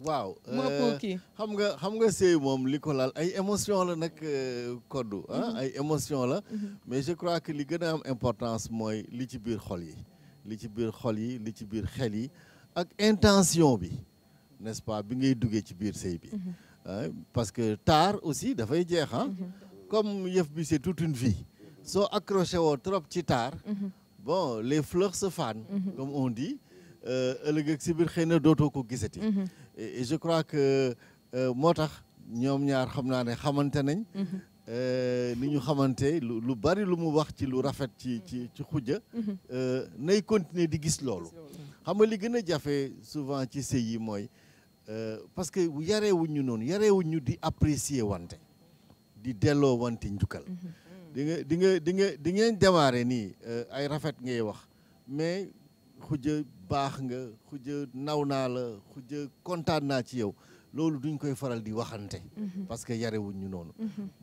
waaw euh, xam nga xam nga sey mom liko ko laal ay émotion la nak koddu euh, ah mhm. ay émotion la. Mhm. mais je crois que li gëna am importance moy li ci biir xol yi. li ci biir xol yi li ci biir xel yi ak intention bi n'est-ce pas bi ngay duggé ci biir sey bi. Mhm. Ah, parce que tard aussi dafay jeex ah comme yëf bi c'est toute une vie soo accroché trop ci taar bon les fleurs se fanent comme on dit euh, ëllëg ak si biir xëy ko gisati et je crois que euh, moo tax ñoom ñaar xam naa ne xamante nañ euh, ni ñu xamante lu bari lu mu wax ci lu rafet ci ci ci xujja nay continuer di gis loolu xam nga li gën a souvent ci sëy yi mooy parce que yarewuñ ñu noonu yarewuñ ñu di apprécier wante di delo won ci ndukal di nga di nga di ngeen démarrer ni eh, ay rafet ngay wax mais xuje bax nga xuje nawna la xuje contane na ci yow lolou duñ koy faral di waxante parce que yare wuñ ñu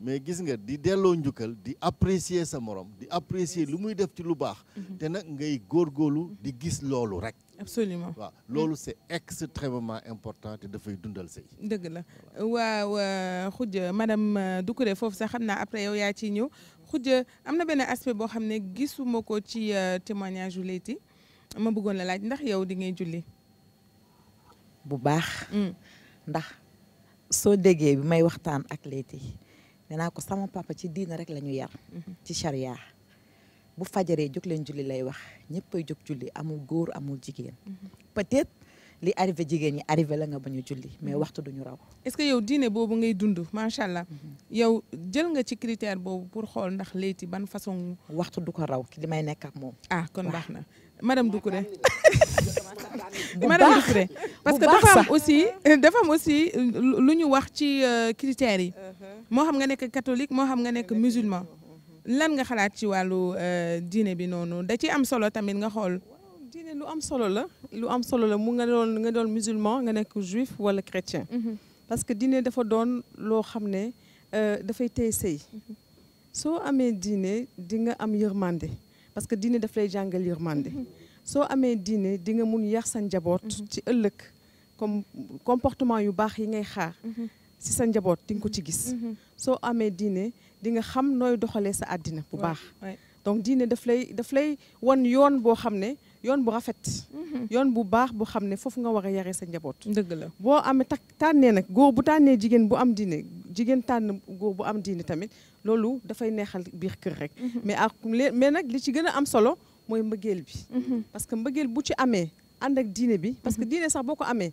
mais gis nga di delo ndukal di apprécier sa morom di apprécier lu muy def ci lu bax té nak ngay gorgolu di gis lolou rek absolument Wa, loolu c'est extrêmement important te dafay dundal sëy dëgg la wa. xuj madame euh, Doucouré foofu sax xam naa après yow yaa ciy ñëw xuj am na benn aspect boo xam ne gisuma ko ci euh, témoignage yu Leyti ma bëggoon la laaj ndax yow di ngay julli bu baax mm. ndax soo déggee bi may waxtaan ak Leyti nee naa ko sama papa ci diina rek la yar mm-hmm. ci charia bu fajare juk len julli lay wax ñeppay juk julli amul goor amul jigen peut-être li arrivé jigen ñi arrivé la nga bañu julli mais mm-hmm. waxtu duñu raw est-ce que yow diiné bobu ngay dund ma sha Allah mm-hmm. yow jël nga ci critère bobu pour xol ndax leeti ban façon waxtu duko raw ki limay nekk ak mom ah kon baxna madame duko re *laughs* madame duko re parce que *laughs* dafa am aussi dafa am aussi luñu wax ci euh, critère yi uh-huh. mo xam nga nek catholique mo xam nga nek musulman lan nga xalaat ci wàllu euh, diine bi noonu da ci am solo tamit nga lu am solo la. lu am solo la musulman nga juif juif wala chrétien. Mhm. parce que diine dafa doon ne euh, dafay tey sëy mhm. soo amee diine di nga am yërmande parce que diine daf lay jàngal yërmande mhm. soo amee diine di nga mun ci comme comportement yu baax yi ngay xaar. si sa njaboot di nga xam nooy doxalee sa àddina bu baax donc diine daf lay daf lay wan yoon boo xam ne yoon bu rafet mhm. yoon bu baax boo xam ne foofu nga waree yaree sa njaboot dëgg la boo amee tak tànnee nag góor bu tànnee jigéen bu am diine jigéen tànn góor bu am diine tamit loolu dafay neexal biir kër rek mhm. mais ak mais nag li ci gën a am solo mooy mbëggeel bi mhm. parce que mbëggeel bu ci amee ànd ak diine bi parce que diine sax boo ko amee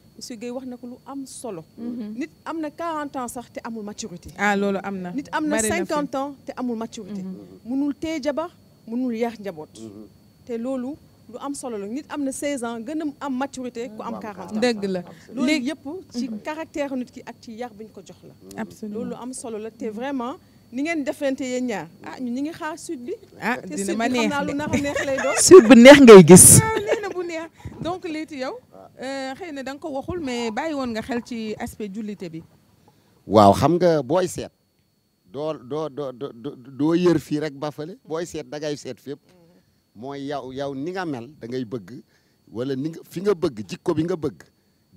monsieur Guèye wax na lu am solo. Mhm. nit amna 40 ans sax te amul maturité. ah loolu amna nit amna 50 ans te amul maturité. mënul mhm. té jabar mënul yar njabot mhm. te loolu lu am solo la nit amna 16 ans gëna am maturité ku am 40 ans. deug la loolu yépp ci caractère nit ki ak ci yar buñ ko jox la. absolument loolu am solo la té vraiment. ni ngeen defenté yéen ñaar ah ñu ngi xaar suite bi. ah dina ma neex de *laughs* suite bi neex bu neex ngay gis. ah bu neex donc léegi yow. Euh, xëy na da nga ko waxul mais bàyyi woon nga xel ci aspect jullite bi. waaw xam nga booy seet. doo doo doo yër fii rek ba fële booy seet da ngay seet fépp. mooy yow yow ni nga mel da ngay bëgg wala ni fi nga bëgg jikko bi nga bëgg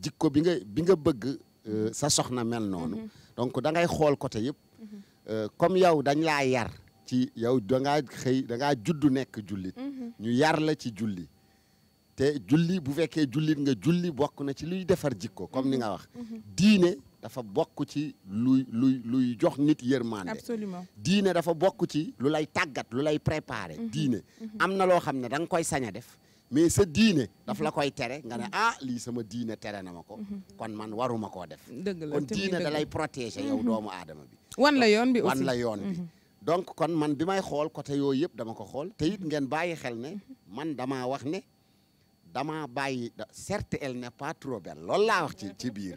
jikko bi nga bi nga bëgg euh, sa soxna mel noonu. Mhm. donc da ngay xool côté yëpp. Mhm. Euh, comme yow dañ laa yar. ci yow da ngaa xëy da ngaa juddu nekk jullit. Mhm. ñu yar la ci julli. te julli bu fekkee jullit nga julli bokk na ci luy defar jikko comme ni nga wax diine dafa bokk ci luy luy luy jox nit yërmande absolument diine dafa bokk ci lu lay tàggat lu lay préparer mhm. diine mhm. am na loo xam ne danga koy sañ def mais sa diine daf la koy tere nga ne mhm. ah lii sama diine tere na ma ko kon man waruma koo def dëgg la kon diine da lay protéger doomu aadama bi wan la yoon bi aussi la yoon donc kon man bi may xool côté yooyu yëpp dama ko xool te ngeen bàyyi xel ne man dama wax ne dama bàyyi certes elle n'est pas trop laa wax ci ci biir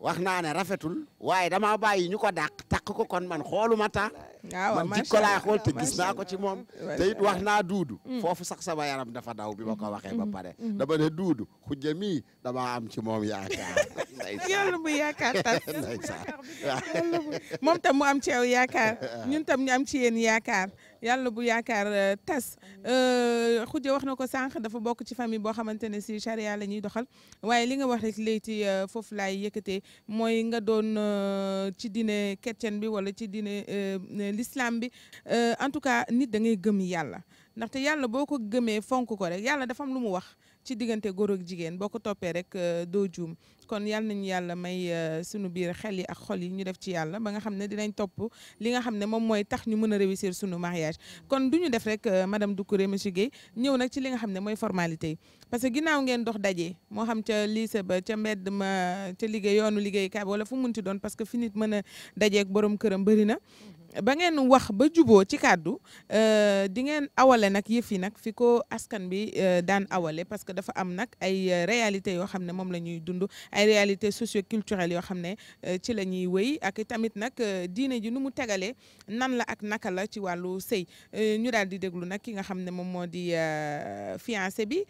wax naa ne rafetul waaye dama bàyyi ñu ko dàq takk ko kon man xooluma ta man jikko laa xool te gis naa ko ci moom te it wax naa duudu mm. foofu sax sama yaram dafa daw bi ma ko waxee ba mm-hmm. pare mm-hmm. dama ne duudu xujja mii dama am ci moom yaakaar yàlla tam mu am ci yow yaakaar *laughs* ñun tam ñu am ci yéen yaakaar yàlla bu yaakaar euh, tas xujje euh, wax na ko sànq dafa bokk ci famille boo xamante ne si charia la ñuy doxal waaye li nga wax rek léegi euh, foofu laay yëkkatee mooy nga doon ci diine chrétien bi wala ci diine l'islam bi en tout cas nit da ngay gëm yàlla ndaxte yàlla boo ko gëmee fonk ko rek yàlla dafa am lu mu wax ci diggante góor ak jigéen boo ko toppee rek euh, doo juum kon yal nañu yàlla may euh, sunu biir xel yi ak xol yi ñu def ci yàlla ba nga xam ne dinañ topp li nga xam ne moom mooy tax ñu mën a réussir sunu mariage kon du ñu def rek euh, madame Doucouré monsieur Guèye ñëw nag ci li nga xam ne mooy formalité yi parce que ginnaaw ngeen dox daje moo xam ca lycée ba ca mbedd ma ca liggéey yoonu liggéeykaay wala fu munti doon parce que fi nit mën a dajeek boroom këram bëri na ba ngeen wax ba juboo ci kàddu euh, di ngeen awale nag yëf yi nag fi ko askan bi euh, daan awale parce que dafa am nag ay euh, réalités yoo xam ne moom la ñuy dund ay réalités socioculturelles yoo xam ne ci la ñuy wéy ak tamit nag diine ji nu mu tegalee nan la ak naka la ci wàllu sëy ñu daal di déglu nag ki nga xam ne moom moo di fiancé bi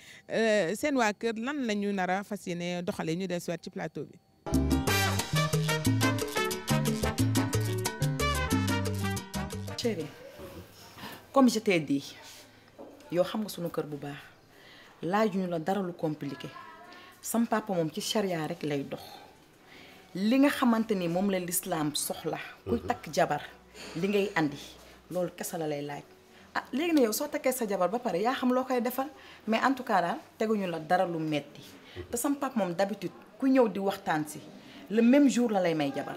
seen waa kër nan la ñu nar a fas yéene doxalee ñu des waat ci plateau bi. comme je t'ai yow xam nga sunu kër bu baax laajuñu la dara lu compliqué sam papa moom ci charia rek lay dox li nga xamante ni moom la lislaam soxla. kuy mhm. takk jabar li ngay andi loolu kese la lay laaj. ah léegi na yow soo takkee sa jabar ba pare yaa xam loo koy defal mais en tout cas daal teguñu la dara lu metti mhm. te sam papa moom d'habitude ku ñëw di waxtaan si le même jour la lay may jabar.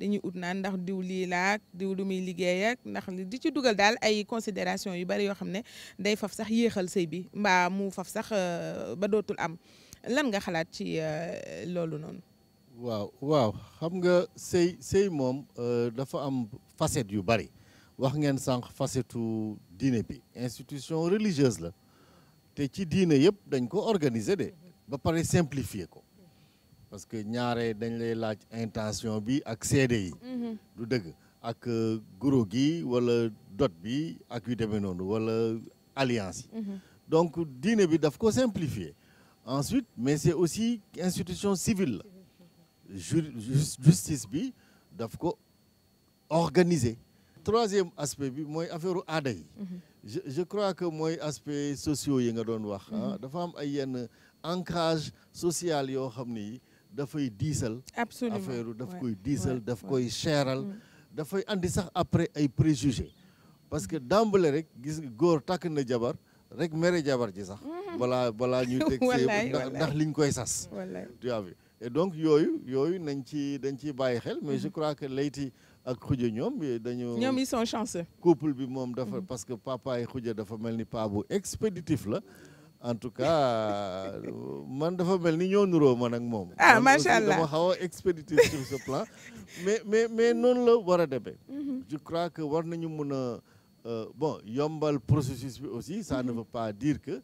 dañuy ut naan ndax diw lii laa diw lu muy liggéey ak ndax di ci dugal daal ay considération yu bari yoo xam ne day faf sax yéexal sëy bi mbaa mu faf sax euh, ba dootul am lan nga xalaat ci euh, loolu noonu. waaw waaw xam nga sëy sëy moom euh, dafa am facette yu bari wax ngeen sànq facetu diine bi institution religieuse la te ci diine yëpp dañ ko organiser de ba pare simplifier ko. parce que ñaare dañ lay laaj intention bi ak seede yi mhm. du deug ak euh, guro gi wala dot bi ak yu demee noonu wala alliance mhm. donc diine bi daf ko simplifier ensuite mais c'est aussi institution civile justice bi daf ko organiser troisième aspect bi moy affaire aada yi mhm. je je crois que moy aspect sociaux yi nga doon wax ah. dafa am ay yenn ancrage social yo xamni dafay diisal. absolument affaire daf koy diisal daf koy seeral. Mm. dafay andi sax après ay préjugés. parce que d'emblée rek gis góor takk na jabar rek mere jabar ji sax. Mm. balaa balaa ñuy teg *laughs* ndax liñ koy sas. tu et donc yooyu yooyu nañ ci dañ ciy bàyyi xel mais je mm. crois que Leyti ak Khoudia ñoom eh, dañu. ñoom ils sont chanceux. couple bi moom dafa parce que papa yi dafa mel ni paa bu expéditif la. en tout cas man dafa mel ni ñoo nuro man ak mom ah machallah dama xawa expéditif *laughs* sur ce plan mais mais mais non la wara débé je crois que war nañu mëna bon yombal processus bi aussi ça mhm. ne veut pas dire que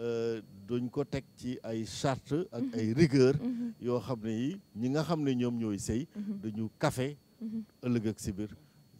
euh duñ ko tek ci ay charte ak mhm. ay rigueur mhm. yo xamné ñi nga xamné ñom ñoy sey dañu café ëlëg ak sibir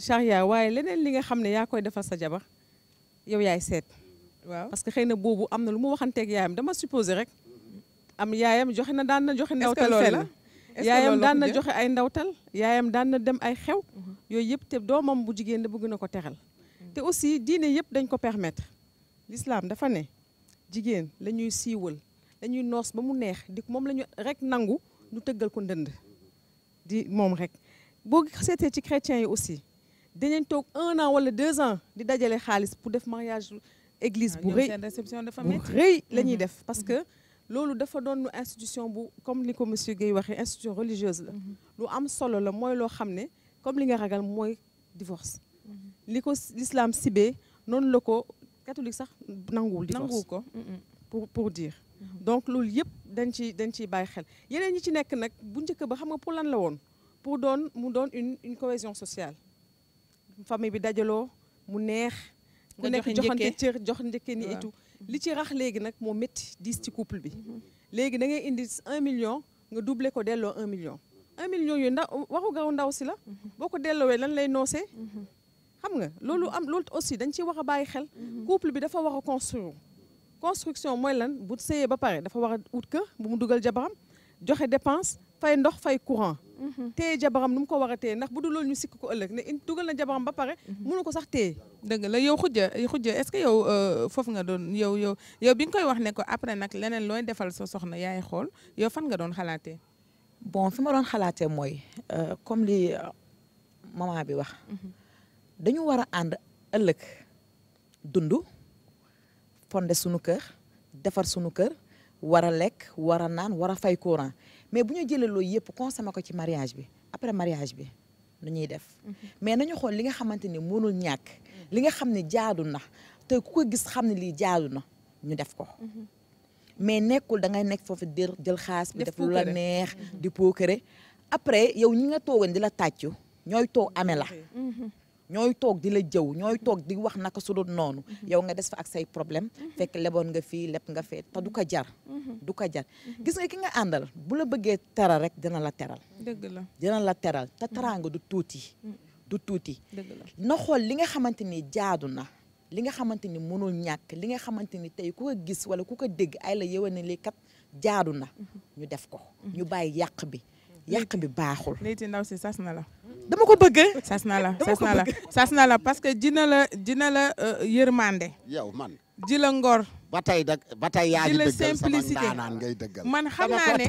charia waaye leneen li nga xamné ne koy defal sa jaba yow yaay set waaw parce que xeyna bobu amna am na lu mu waxanteeg yaayam dama supposé rek. am yaayam joxe na daan na joxe ndawtal fenn yaayam daan na joxe ay ndawtal yaayam daan na dem ay xew. Mhm. yooyu yëpp te doomam bu jigéen da bëgg na ko teral. Mhm. te aussi diine yëpp dañ ko permettre. l'islam dafa ne jigéen lañuy ñuy siiwal la ñuy noos ba mu neex di moom la rek nangu ñu tëggal ko ndënd. di moom rek boo seetee ci chrétiens yi aussi dinañ toog un an wala deux ans di dajale khalis pour def mariage église ah, bu rëy bu mhm. def parce que lolu dafa doon institution bu comme liko monsieur gay waxe institution religieuse la mhm. lu am solo la moy lo xamné comme li nga ragal moy divorce mhm. liko l'islam sibé non loko catholique sax n'angoul divorce ko pour pour dire donc lolu yep dañ ci dañ ciy bàyyi xel yeneen ñi ci nek nak bu njëkk ba xam nga pour lan la won pour don mu don une une cohésion sociale famille bi dajaloo mu neex joxante jox ni et li ci rax ci couple bi mhm. da ngay indi un million nga doubler ko un million un million yu ndaw waxu ndaw si mhm. lan lay mhm. xam nga am aussi ci xel couple bi dafa construction moy lan ba dafa jabaram dépense fay ndox fay courant Mm-hmm. téye jabaram nu mu ko waxee a téye ndax bu du lool ñu sikk ko ëllëg ne dugal na jabaram ba pare mm-hmm. ne ko sax téye dëgg la yow xujja xujja est-ce que yow euh, foofu nga doon yow yow yow bi nga koy wax ne ko après nag leneen looy defal sa soxna yaay xool yow fan nga doon xalaatee bon fi ma doon xalaatee mooy euh, comme li euh, maman bi wax mm-hmm. dañu war a ànd ëllëg dund fonde sunu kër defar sunu kër war a lekk war a naan war a fay courant mais bu ñu jëlee loolu yëpp consommé ko ci mariage bi après mariage bi nu ñuy def. Mhm. mais nañu xool li nga xamante ni mënul ñàkk. li nga xam ne jaadu na te ku ko gis xam ne lii jaadu na ñu def ko. Mhm. mais nekkul da ngay nekk foofu di jël xaas bi def lu la neex mhm. di pookere après yow ñi nga toogoon di la tàccu ñooy toog amee la. ñooy toog di la jëw ñooy toog di wax naka su dul noonu mhm. yow nga des fa ak say problème mhm. fekk leboon nga fii leb nga fee te du ko jar mhm. du ko jar gis nga ki nga àndal bu la bëggee teral rek dina la teral dëgg la dina la teral te teraanga du tuuti du tuuti dëgg na xool li nga xamante ni jaadu na li nga xamante ni mënul ñàkk li nga xamante ni tey ku ko gis wala ku ko dégg ay la yëwa ne li kat jaadu na ñu def ko ñu bàyyi yàq bi yàq bi baaxul. léegi ndaw si sas na la. dama ko bëgg. sas na la sas na la sas na la parce que dina la dina la euh, yërmande. yow man ji la ngor. ba tey dag ba tey yaa di dëggal sama ndaanaan ngay dëggal. man xam naa ne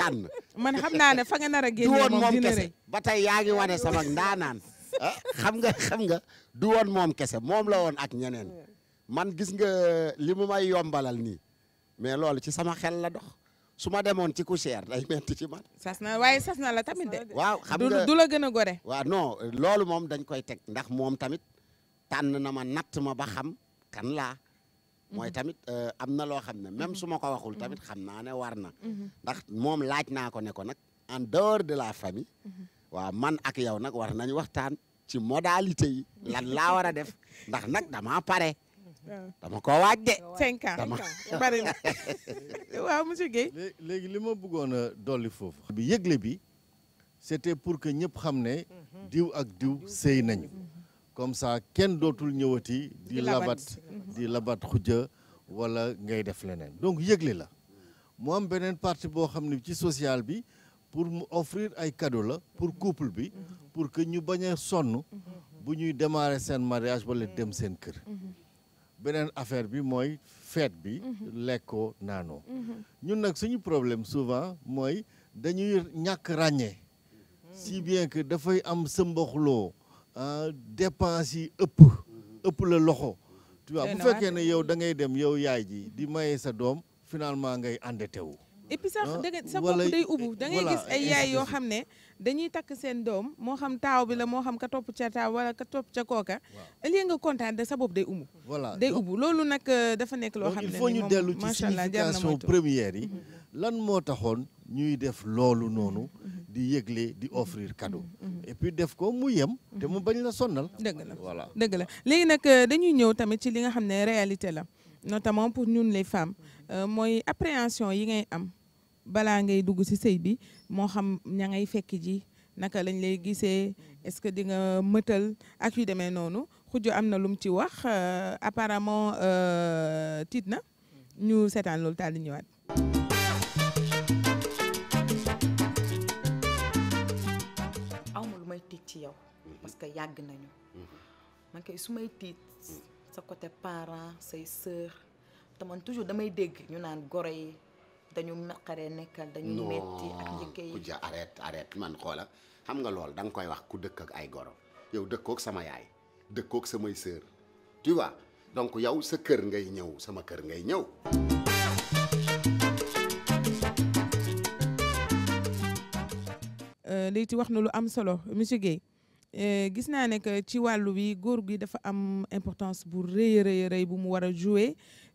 man xam naa ne fa nar a génnee moom dina ba tey yaa ngi wane sama ndaanaan ah, xam nga xam nga du woon moom kese moom la woon ak ñeneen man gis nga li mu may yombalal nii mais loolu ci sama xel la dox. su ma demoon ci poussière day metti ci man. sas na waaye sas na la tamit de. waaw xam nga du la gën a gore. waaw non loolu moom dañ koy teg ndax moom tamit tànn na ma natt ma ba xam kan laa. mooy mhm. tamit euh, am na loo xam ne même mhm. su ma ko waxul tamit mhm. xam naa ne war na. ndax moom laaj naa ko ne ko nag en dehors de la famille. waaw man ak yow nag war nañu waxtaan ci modalité yi. lan laa war a def *laughs* ndax nag dama pare. dama koo waaj de. cinq ans dama bari na *laughs* waaw léegi li ma bëggoon a dolli foofu. bi yëgle bi c'était pour que ñëpp xam ne mhm. diw ak diw sëy nañu mhm. comme ça kenn dootul ñëwati di labat mhm. di labat xujja wala ngay def leneen donc yëgle la mu am beneen partie boo xam ne ci social bi pour mu offrir ay cadeau la pour couple bi pour que ñu bañ a sonn bu ñuy démarrer seen mariage wala dem seen kër benen affaire bi moy fête bi mhm. lekko nano mhm. ñun nak suñu problème souvent moy dañuy ñak ragné mhm. si bien que da fay am sembokhlo euh ah, dépenses yi ëpp ëpp le loxo tu vois bu fekké né yow da ngay dem yow yaay ji di maye sa dom finalement ngay andété wu et puis ça ah, de nga day da ngay gis ay yaay yo xamné dañuy tak la nga day day euh, il faut première yi mm-hmm. lan def Lolu nonu mm-hmm. di yeglé di offrir cadeau mm-hmm. et puis def ko mu yem te mu bañ la sonnal deug la voilà la euh, dañuy tamit réalité notamment pour nous, les femmes Euh, mooy appréhension yi ngay am balaa ngay dugg ci sëy bi moo xam ña ngay fekk ji naka lañ lay gisee est-ce que di nga mëtal ak yu demee noonu xujo am na lu mu ci wax euh, apparemment euh, tiit na ñu seetaan loolu taal di ñëwaat. awma lu may tiit ci yow. parce que yàgg nañu. Mm-hmm. man kay su may tiit sa côté parent say sœur. te man toujours damay dégg ñu naan goro yi dañu naqaree nekkal dañu metti ak njëkke yi kujja arrête arrête man xoola xam nga lool da nga koy wax ku dëkk ak ay goro yow dëkkook sama yaay dëkkook samay sœur tu vois donc yow sa kër ngay ñëw sama kër ngay ñëw euh, lii wax na lu am solo monsieur Guèye euh, gis naa ne que ci wàllu wi góor gi dafa am importance bu rëy rëy rëy bu mu war a jouer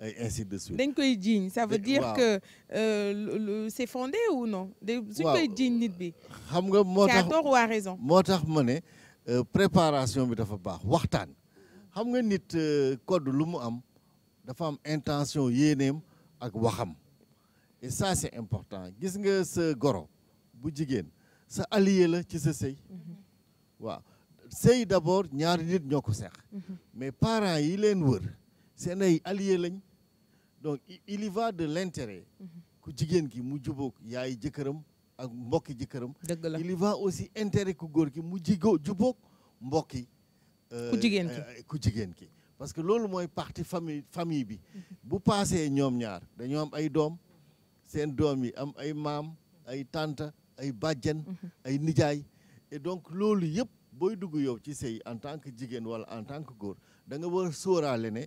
et ainsi de suite. dañ koy ça veut dire que euh, c'est fondé ou non. suñ koy jiiñ nit bi. xam nga motax c'est tort ou a raison. Motax mané euh, préparation bi dafa bax waxtan. xam nga nit euh, code lu mu am dafa am intention yéeneem ak waxam et ça c'est important gis nga ce goro bu jigéen sa allié la ci ce sey. Mm-hmm. waaw. Sey d'abord ñaar nit ñoko ko mm-hmm. mais parents yi len wër C'est ay allié. lañ donc il de l'intérêt mm-hmm. ku jigéen gi mu jubóog yaay jëkkëram ak mbokki jëkkëram il y aussi intérêt ku góor gi mu jigoo jubóog mbokki euh, ku jigéen ki euh, ku jigéen ki parce que loolu mooy partie famille famille bi mm-hmm. bu paasee ñoom ñaar dañoo am ay doom seen doom yi am ay maam ay tante ay bàjjen mm-hmm. ay nijaay et donc loolu yëpp booy dugg yow ci sey en tant que jigéen wala en tant que góor da war a ne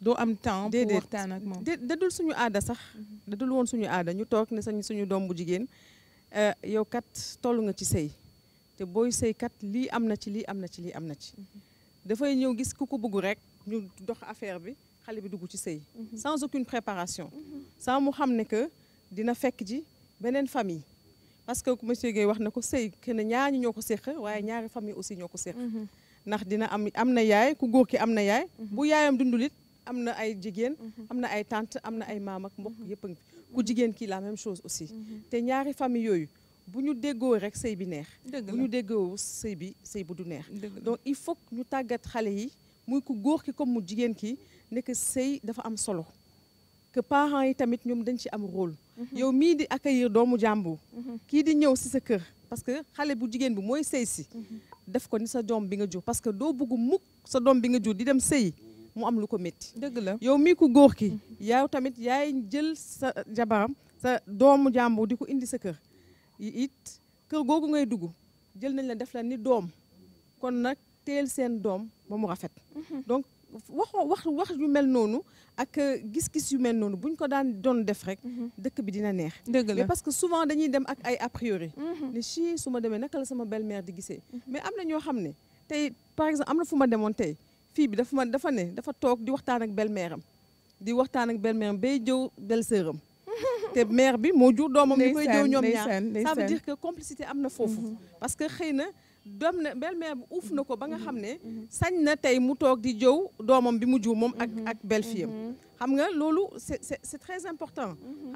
do am temps pour waxtaan ak mom moom dul suñu ada sax mhm. dul won suñu ada ñu tok ne sañ suñu dombu jigen euh yow kat tollu nga ci sey té boy sey kat li amna ci li amna ci li amna ci mhm. da fay ñew gis kuku ko bëgg rek ñu dox affaire bi xale bi duggu ci sey mhm. sans aucune préparation sans mu xam que dina fekk ji benen famille parce que monsieur gay wax na ko sëy kenn ñaari ñoo ko séq waaye ñaari famille aussi ñoko ko séq ndax dina am am yaay ku góor ki am yaay bu yaayam dundulit Amna ay jigéen mhm. amna ay tante amna ay maam ak mbokk mhm. yëpp ngi ku jigéen ki la même chose aussi mhm. té ñaari famille yooyu buñu déggo rek sey bi neex buñu déggo sey bi sey bu du neex donc il faut ñu tagat xalé yi muy ku goor ki comme mu jigéen ki nekk sey dafa am solo que parents yi tamit ñoom dañ ci am rôle yow mi di accueillir doomu jàmbur ki di ñew ci sa kër parce que xalé bu jigéen bi moy sey si def ko ni sa doom bi nga jur parce que do bëgg mukk sa doom bi nga jur di dem sey mu am lu ko métti dëgg la yow mii ku góor ki mm-hmm. yow tamit yaay jël sa jabaram sa doomu jàmbur di ko indi sa kër it kër googu ngay dugg jël nañ la def la ni doom kon nag teel seen doom ba mu rafet mm-hmm. donc wax wax wax yu mel noonu ak euh, gis-gis yu mel noonu buñ ko daan doon def rek mm-hmm. dëkk bi dina neex dëgg la mais parce que souvent dañuy dem ak ay a priori ne ci su ma demee naka la sama belle-mère di gisee mais am na ñoo xam ne tey par exemple am na fu ma demoon tey fii bi dafa dafa ne dafa tok di waxtaan ak belle-mère di waxtaan ak belle-mère am bay jëw belle-sœur am *laughs* te mère bi mo jur domam ñu koy jëw ñom ñaar ça veut dire que complicité amna fofu mm-hmm. parce que xeyna na doom na belle-mère bi uuf na ba nga xamné ne mm-hmm. Mm-hmm. sañ na tey mu tok di jëw domam bi mu jur moom ak ak belle-fille xam nga lolu c'est c'est très important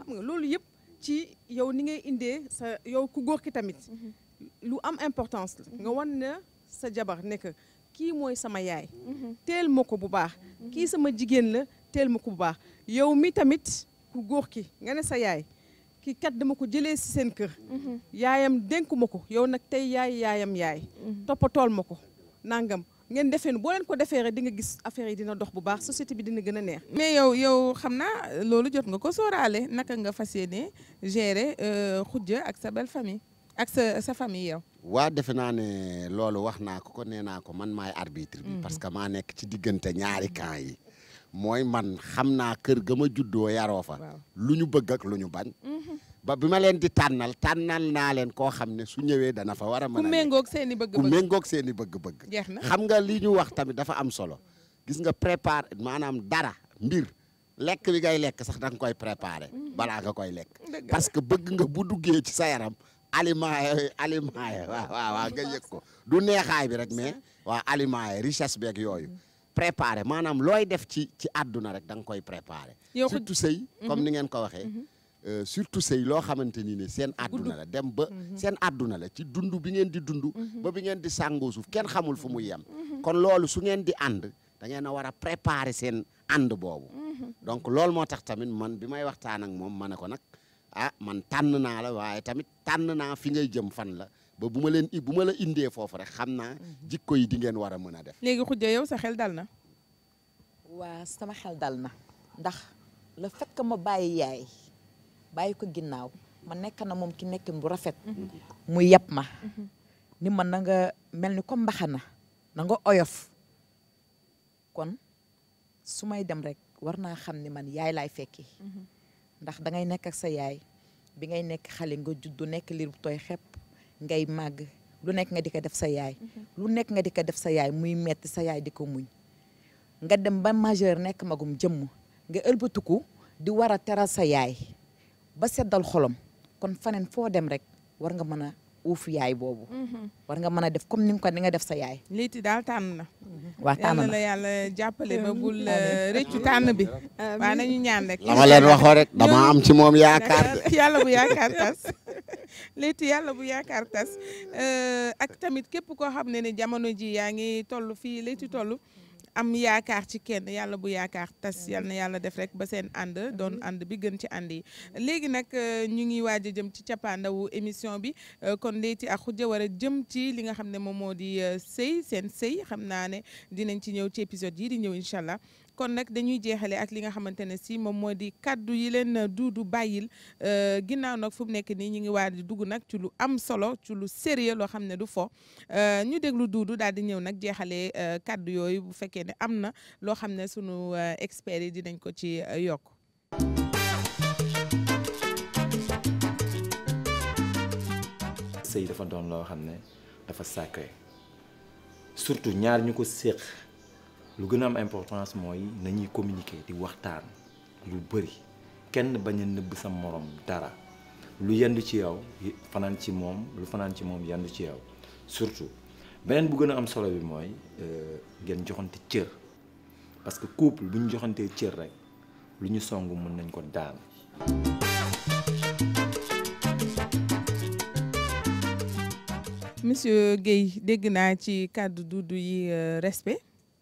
xam nga lolu yépp ci yow ni ngay indé sa yow ku góor ki tamit lu am importance nga wan na sa jabar nekk kii mooy sama yaay mhm. teel ma ko bu baax mhm. kii sama jigéen la teel ma ko bu baax yow mi tamit ku góor ki nga ne sa yaay kii kat dama ko jëlee si seen kër mhm. yaayam denk ma ko yow nag tey yaay yaayam yaay toppatool ma ko nangam ngeen defee boo leen ko defee rek di nga gis affaire yi dina dox bu baax société bi dina gën a neex mais yow yow xam naa loolu jot nga ko sóoraale naka nga fas yéene gérer xujja euh, ak sa belle sa sa waa defe naa ne loolu wax naa ko ko nee naa ko man maay arbitre bi. Mhm. parce que maa nekk ci diggante ñaari camp mooy man xam naa kër ga ma juddoo yaroo fa. lu ñu bëgg ak lu ñu bañ. Mhm. ba bi ma leen di tànnal tànnal naa leen koo xam ne su ñëwee dana fa war a. mën a ku méngoog seen i bëgg-bëgg seen i bëgg-bëgg. jeex na xam nga li ñu wax tamit dafa am solo. gis nga prépare maanaam dara mbir. lekk bi gay lekk sax da koy préparé. Mhm. balaa nga koy lekk. parce que bëgg nga bu duggee ci sa yaram. aliment eh, yooyu aliment ya eh, waaw waaw ko du neexaay bi rek mais waa aliment ya eh, richesse yooyu mm-hmm. préparé maanaam looy def ci ci àdduna rek da nga koy préparé surtout sëy mm-hmm. comme ni ngeen ko waxee mm-hmm. euh, surtout sëy loo xamante ni seen àdduna la dem ba seen adduna la ci dund bi ngeen di dund ba bi ngeen di sàngoo suuf kenn xamul fu mu yem kon loolu su ngeen di ànd da ngeen a war a préparé seen ànd boobu donc loolu moo tax tamit man bi may waxtaan ak moom ma ne ko nag ah man tànn naa la waaye tamit tànn naa fi ngay jëm fan la ba bu ma leen bu ma la indee foofu rek xam naa mhm. jikko yi di ngeen war a mën a def. léegi xujja yow sa xel dal na. waa sama xel dal na ndax le fait ma bàyyi yaay bàyyi ko ginnaaw ma nekk na moom ki nekkin bu rafet. Mhm. mu yeb ma. Mhm. ni man na nga mel ni comme mbaxana nanga nga oyof kon su may dem rek war naa xam ni man yaay laay fekki. ndax dangay nekk ak sa yaay bi ngay nekk xale nga juddu nekk liir bu tooy xepp ngay màgg lu nekk nga di ko def sa yaay. Mhm. lu nekk nga di ko def sa yaay muy metti sa yaay di ko muñ. nga dem ba majeur nekk magum jëmm nga ëlbatiku di war a teral sa yaay ba seddal xolom kon faneen foo dem rek war nga mën a uuf yaay boobu. Mhm. war nga mën a def comme ni nga ko ni nga def sa yaay. liiti daal tànn na. waa tànn na yàlla la yàlla jàppale ba bul euh, rëccu tànn bi. na ñu ñaan rek. la ma leen waxoo rek dama am ci moom yaakaar. yàlla bu yaakaar yàlla bu yaakaar tas *laughs* euh, ak tamit képp koo xam ne ne jamono ji yaa ngi toll fii liiti toll. am yaakaar ci kenn yàlla bu yaakaar tas yal yàlla def rek ba seen ànd doon ànd bi gën ci ànd yi léegi nag euh, ñu ngi waaj a jëm ci cappaandawu émission bi euh, kon Leyti ak Khoudia war jëm ci li nga xam ne moom moo di euh, sëy seen sëy xam naa ne dinañ ci ñëw ci épisode yi di ñëw incha kon nag dañuy jeexale ak li nga xamante ne si moom moo di kàddu yi leen duudu bàyyil euh, ginnaaw nag fu mu nekk nii ñu ngi waa di dugg nag ci lu am solo ci lu sérieux loo xam ne du fo euh, ñu déglu duudu daal di ñëw nag jeexale euh, kàddu yooyu bu fekkee ne am na loo xam ne sunu experts yi dinañ ko ci yokk. sëy dafa doon loo xam ne dafa sacré surtout ñaar ñu ko séq. lu gën a am importance mooy nañuy communiquer di waxtaan lu bëri kenn bañ a nëbb sa moroom dara lu yendu ci yow fanaan ci moom lu fanaan ci moom yendu ci yow surtout beneen bu gën a am solo bi mooy euh, ngeen joxante cër parce que couple bu ñu joxantee cër rek lu ñu song mën nañ ko daan. monsieur Guèye dégg naa ci kàddu Doudou yi euh, respect.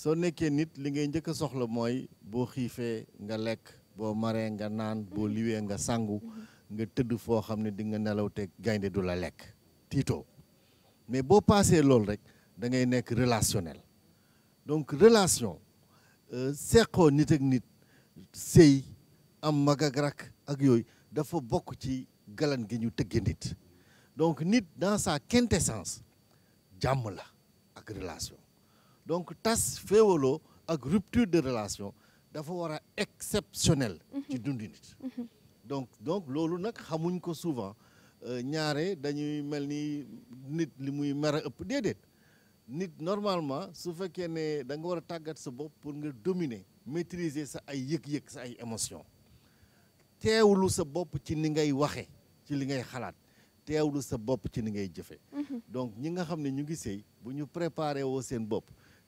So, nekkee nit li ngay ñëk soxla moy bo xifé nga nan, bo mhm. nga sangu mhm. nga di nga mais si vous passez rek da ngay relationnel donc relation euh, nit ak nit am galan gi ñu nit donc nit dans sa quintessence jamm la relation donc tas féewaloo ak rupture de relation dafa war a exceptionnel ci dundu donc donc loolu nak xamuñ ko souvent euh, ñaare dañuy melni nit li muy mer a nit normalement su que ne da nga war bob sa pour nga dominer maîtriser sa ay yek yek sa ay émotion teewlu sa bopp ci ni ngay waxe ci li ngay xalaat teewlu sa bopp ci ni ngay jëfe mhm. donc ñi nga xam ne ñu ngi sëy bu ñu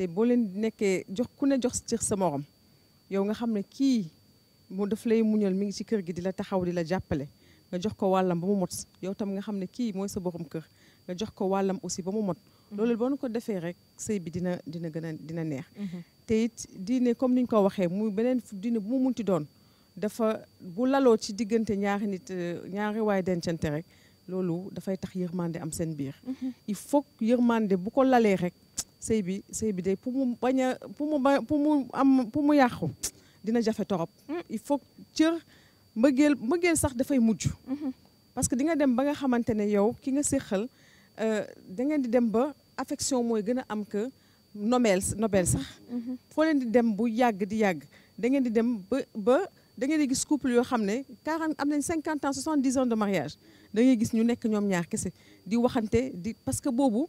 te boo leen nekkee jox ku ne jox ci sa morom yow nga xam ne kii mu daf lay muñal mi ngi ci kër gi di la taxaw di la jàppale nga jox ko wàllam ba mu mot yow tam nga xam ne kii mooy sa borom kër jox ko wàllam aussi ba mu mot mm-hmm. loolu boo nu ko defee rek sëy bi dina dina gën a dina neex mm-hmm. te it diine comme ni ñu ko waxee muy beneen diine bu mu munti doon dafa bu laloo ci diggante ñaari nit euh, ñaari waay dencante rek loolu dafay tax yërmande am seen biir mm-hmm. il faut yërmande bu ko lalee rek sëy bi sëy bi de pour mu bañ a pour mu ba pour mu am pour mu yàqu dina jafe torop mm. il faut cër mbëggeel mbëggeel sax dafay mujj mm-hmm. parce que di dem ba nga xamante ne yow ki nga séqal euh, da ngeen di dem ba affection mooy gën a am que nobel nobel sax mm-hmm. foo leen di dem bu yàgg di yàgg da ngeen di dem ba ba da ngeen di gis couple yoo xam ne quarante am nañ cinquante ans soixante dix ans de mariage da gis ñu nekk ñoom ñaar kese di waxante di parce que boobu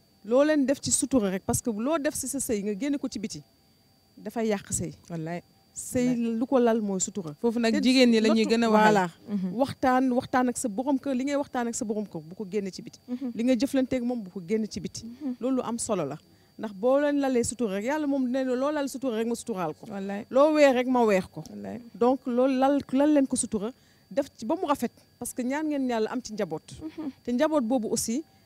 loo leen def ci sutura rek parce que loo def si sa sëy nga génne ko ci biti dafay yàq sëy wallaay sëy lu ko lal mooy sutura foofu nag jigéen ñi la ñuy gën a voilà mhm. waxtaan waxtaan ak sa borom kër li ngay waxtaan ak sa borom kër bu ko génne ci biti mhm. li ngay jëflanteeg moom bu ko génne ci biti mhm. loolu am solo la ndax boo leen lalee sutura rek yàlla moom dina loo lal sutura rek ma suturaal ko loo weer rek ma weex ko donc loolu lal lal leen ko sutura def ci ba mu rafet parce que ñaan ngeen yàlla am ci njaboot te njaboot boobu aussi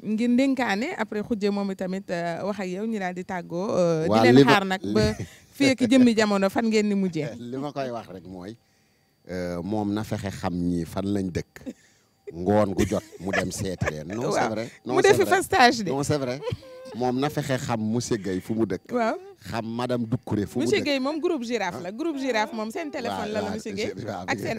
ngir ndénkaane après xujje moom tamit euh, wax ak yow ñu daal di tàggoo. Euh, di leen xaar nag ba *laughs* fii ak jamono fan ngeen ni mujjee. *laughs* li ma koy wax rek mooy euh, moom na fexe xam ñi fan lañ dëkk. ngoon gu jot mu dem seeti leen. non c'est vrai mu defi fa stage de. non moom na fexe xam mu Guèye fu mu dëkk. waaw xam madame Doucouré fu mu dëkk. monsieur groupe girafe ah. la groupe girafe moom seen téléphone la la monsieur Guèye ak seen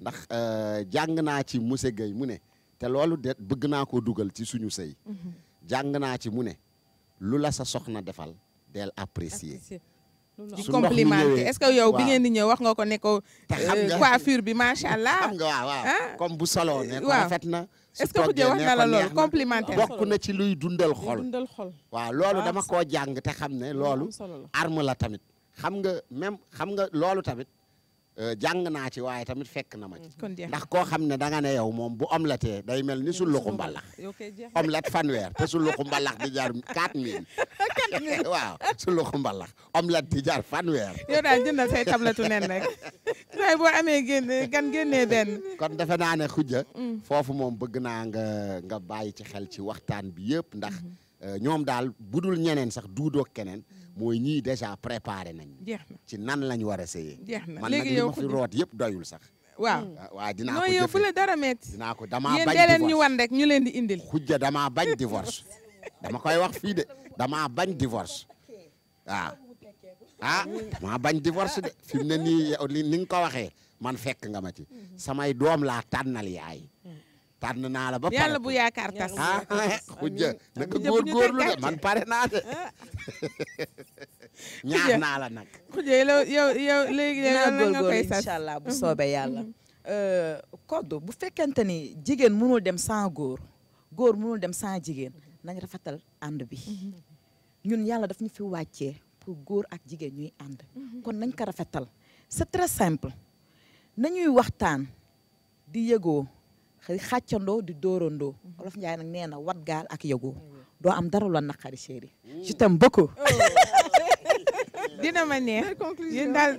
ndax euh, jàng naa ci monsieur Guèye mu ne te loolu de bëgg naa ko dugal ci suñu say mm-hmm. jàng naa ci mu ne lu la sa soxna defal del apprécier di complimenté est-ce que yow bi ngeen di ñëw wax nga ko nekko euh, coiffure bi macha *laughs* allah xam nga waaw waaw comme bu solo na bu dee wax na la loolu complimenté bokk na ci luy dundal xol waa loolu dama koo jàng te xam ne loolu arme la tamit xam nga même xam nga loolu tamit Euh, jàng naa ci waaye tamit fekk na ma mm-hmm. ndax koo xam ne danga ne yow moom bu omelette day mel ni sulluxu mbalax. omelette fanweer te sulluxu mbalax di jar 4000. 4000 *laughs* *laughs* waaw sulluxu mbalax omelette di jar fanweer. yow daal jëndal say tabletu nen rek. *laughs* waaye boo amee génne gan génnee benn. kon defe naa ne xujja. Mm. foofu moom bëgg naa nga nga bàyyi ci xel ci waxtaan bi yëpp ndax. Mm-hmm. Euh, ñoom daal budul ñeneen sax duudoog keneen mooy ñii déjà préparé nañ ci nan lañ war a séyee man nag li ma fi root yëpp doyul sax waaw euh, waaw dinaa ko yow fu ko damaa bañ yéen ñu leen di indil xujja damaa bañ divorce dama koy wax fii de damaa bañ divorce waaw ah damaa bañ divorce de fi mu ne nii ni nga ko waxee man fekk nga ma ci mm-hmm. samay doom laa tànnal yaay tànn naa la ba yàlla bu yaakaar tas xujja ah, ah, naka góorgóorlu de man pare naa ah. la nag allah bu mhm. soobee yàlla mhm. euh, koddu bu fekkente ni jigéen mënul dem sans góor góor mënul dem sans jigéen nañ rafetal ànd bi mhm. ñun yàlla daf fi wàccee pour góor ak jigéen ñuy ànd kon nañ ko rafetal c'est très simple nañuy waxtaan di yëgoo xàccandoo di dóorandoo mhm. olof Njaay nag nee na wat gaal ak yëgu mhm. doo am dara la naqari chéri je t'aime oh. *laughs* dina ma neex yéen daal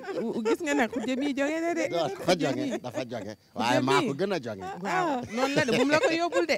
gis nga nag xujja mii jóge na de dafa jóge dafa jóge waaye maa ko gën a jóge ah, waaw la de bu la ko yóbbul de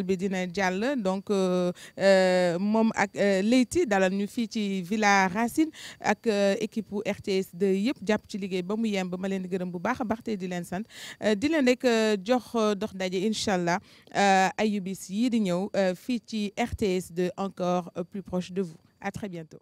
appel bi donc euh donc euh, ak euh, Leyti dalal ñu ci Villa Racine ak euh, équipe RTS de Yip, japp ci liggéey ba mu yem ba ma leen di bu baax a di leen sante di leen rek jox dox dajé ayubis yi di ñëw fi ci RTS de encore plus proche de vous à très bientôt.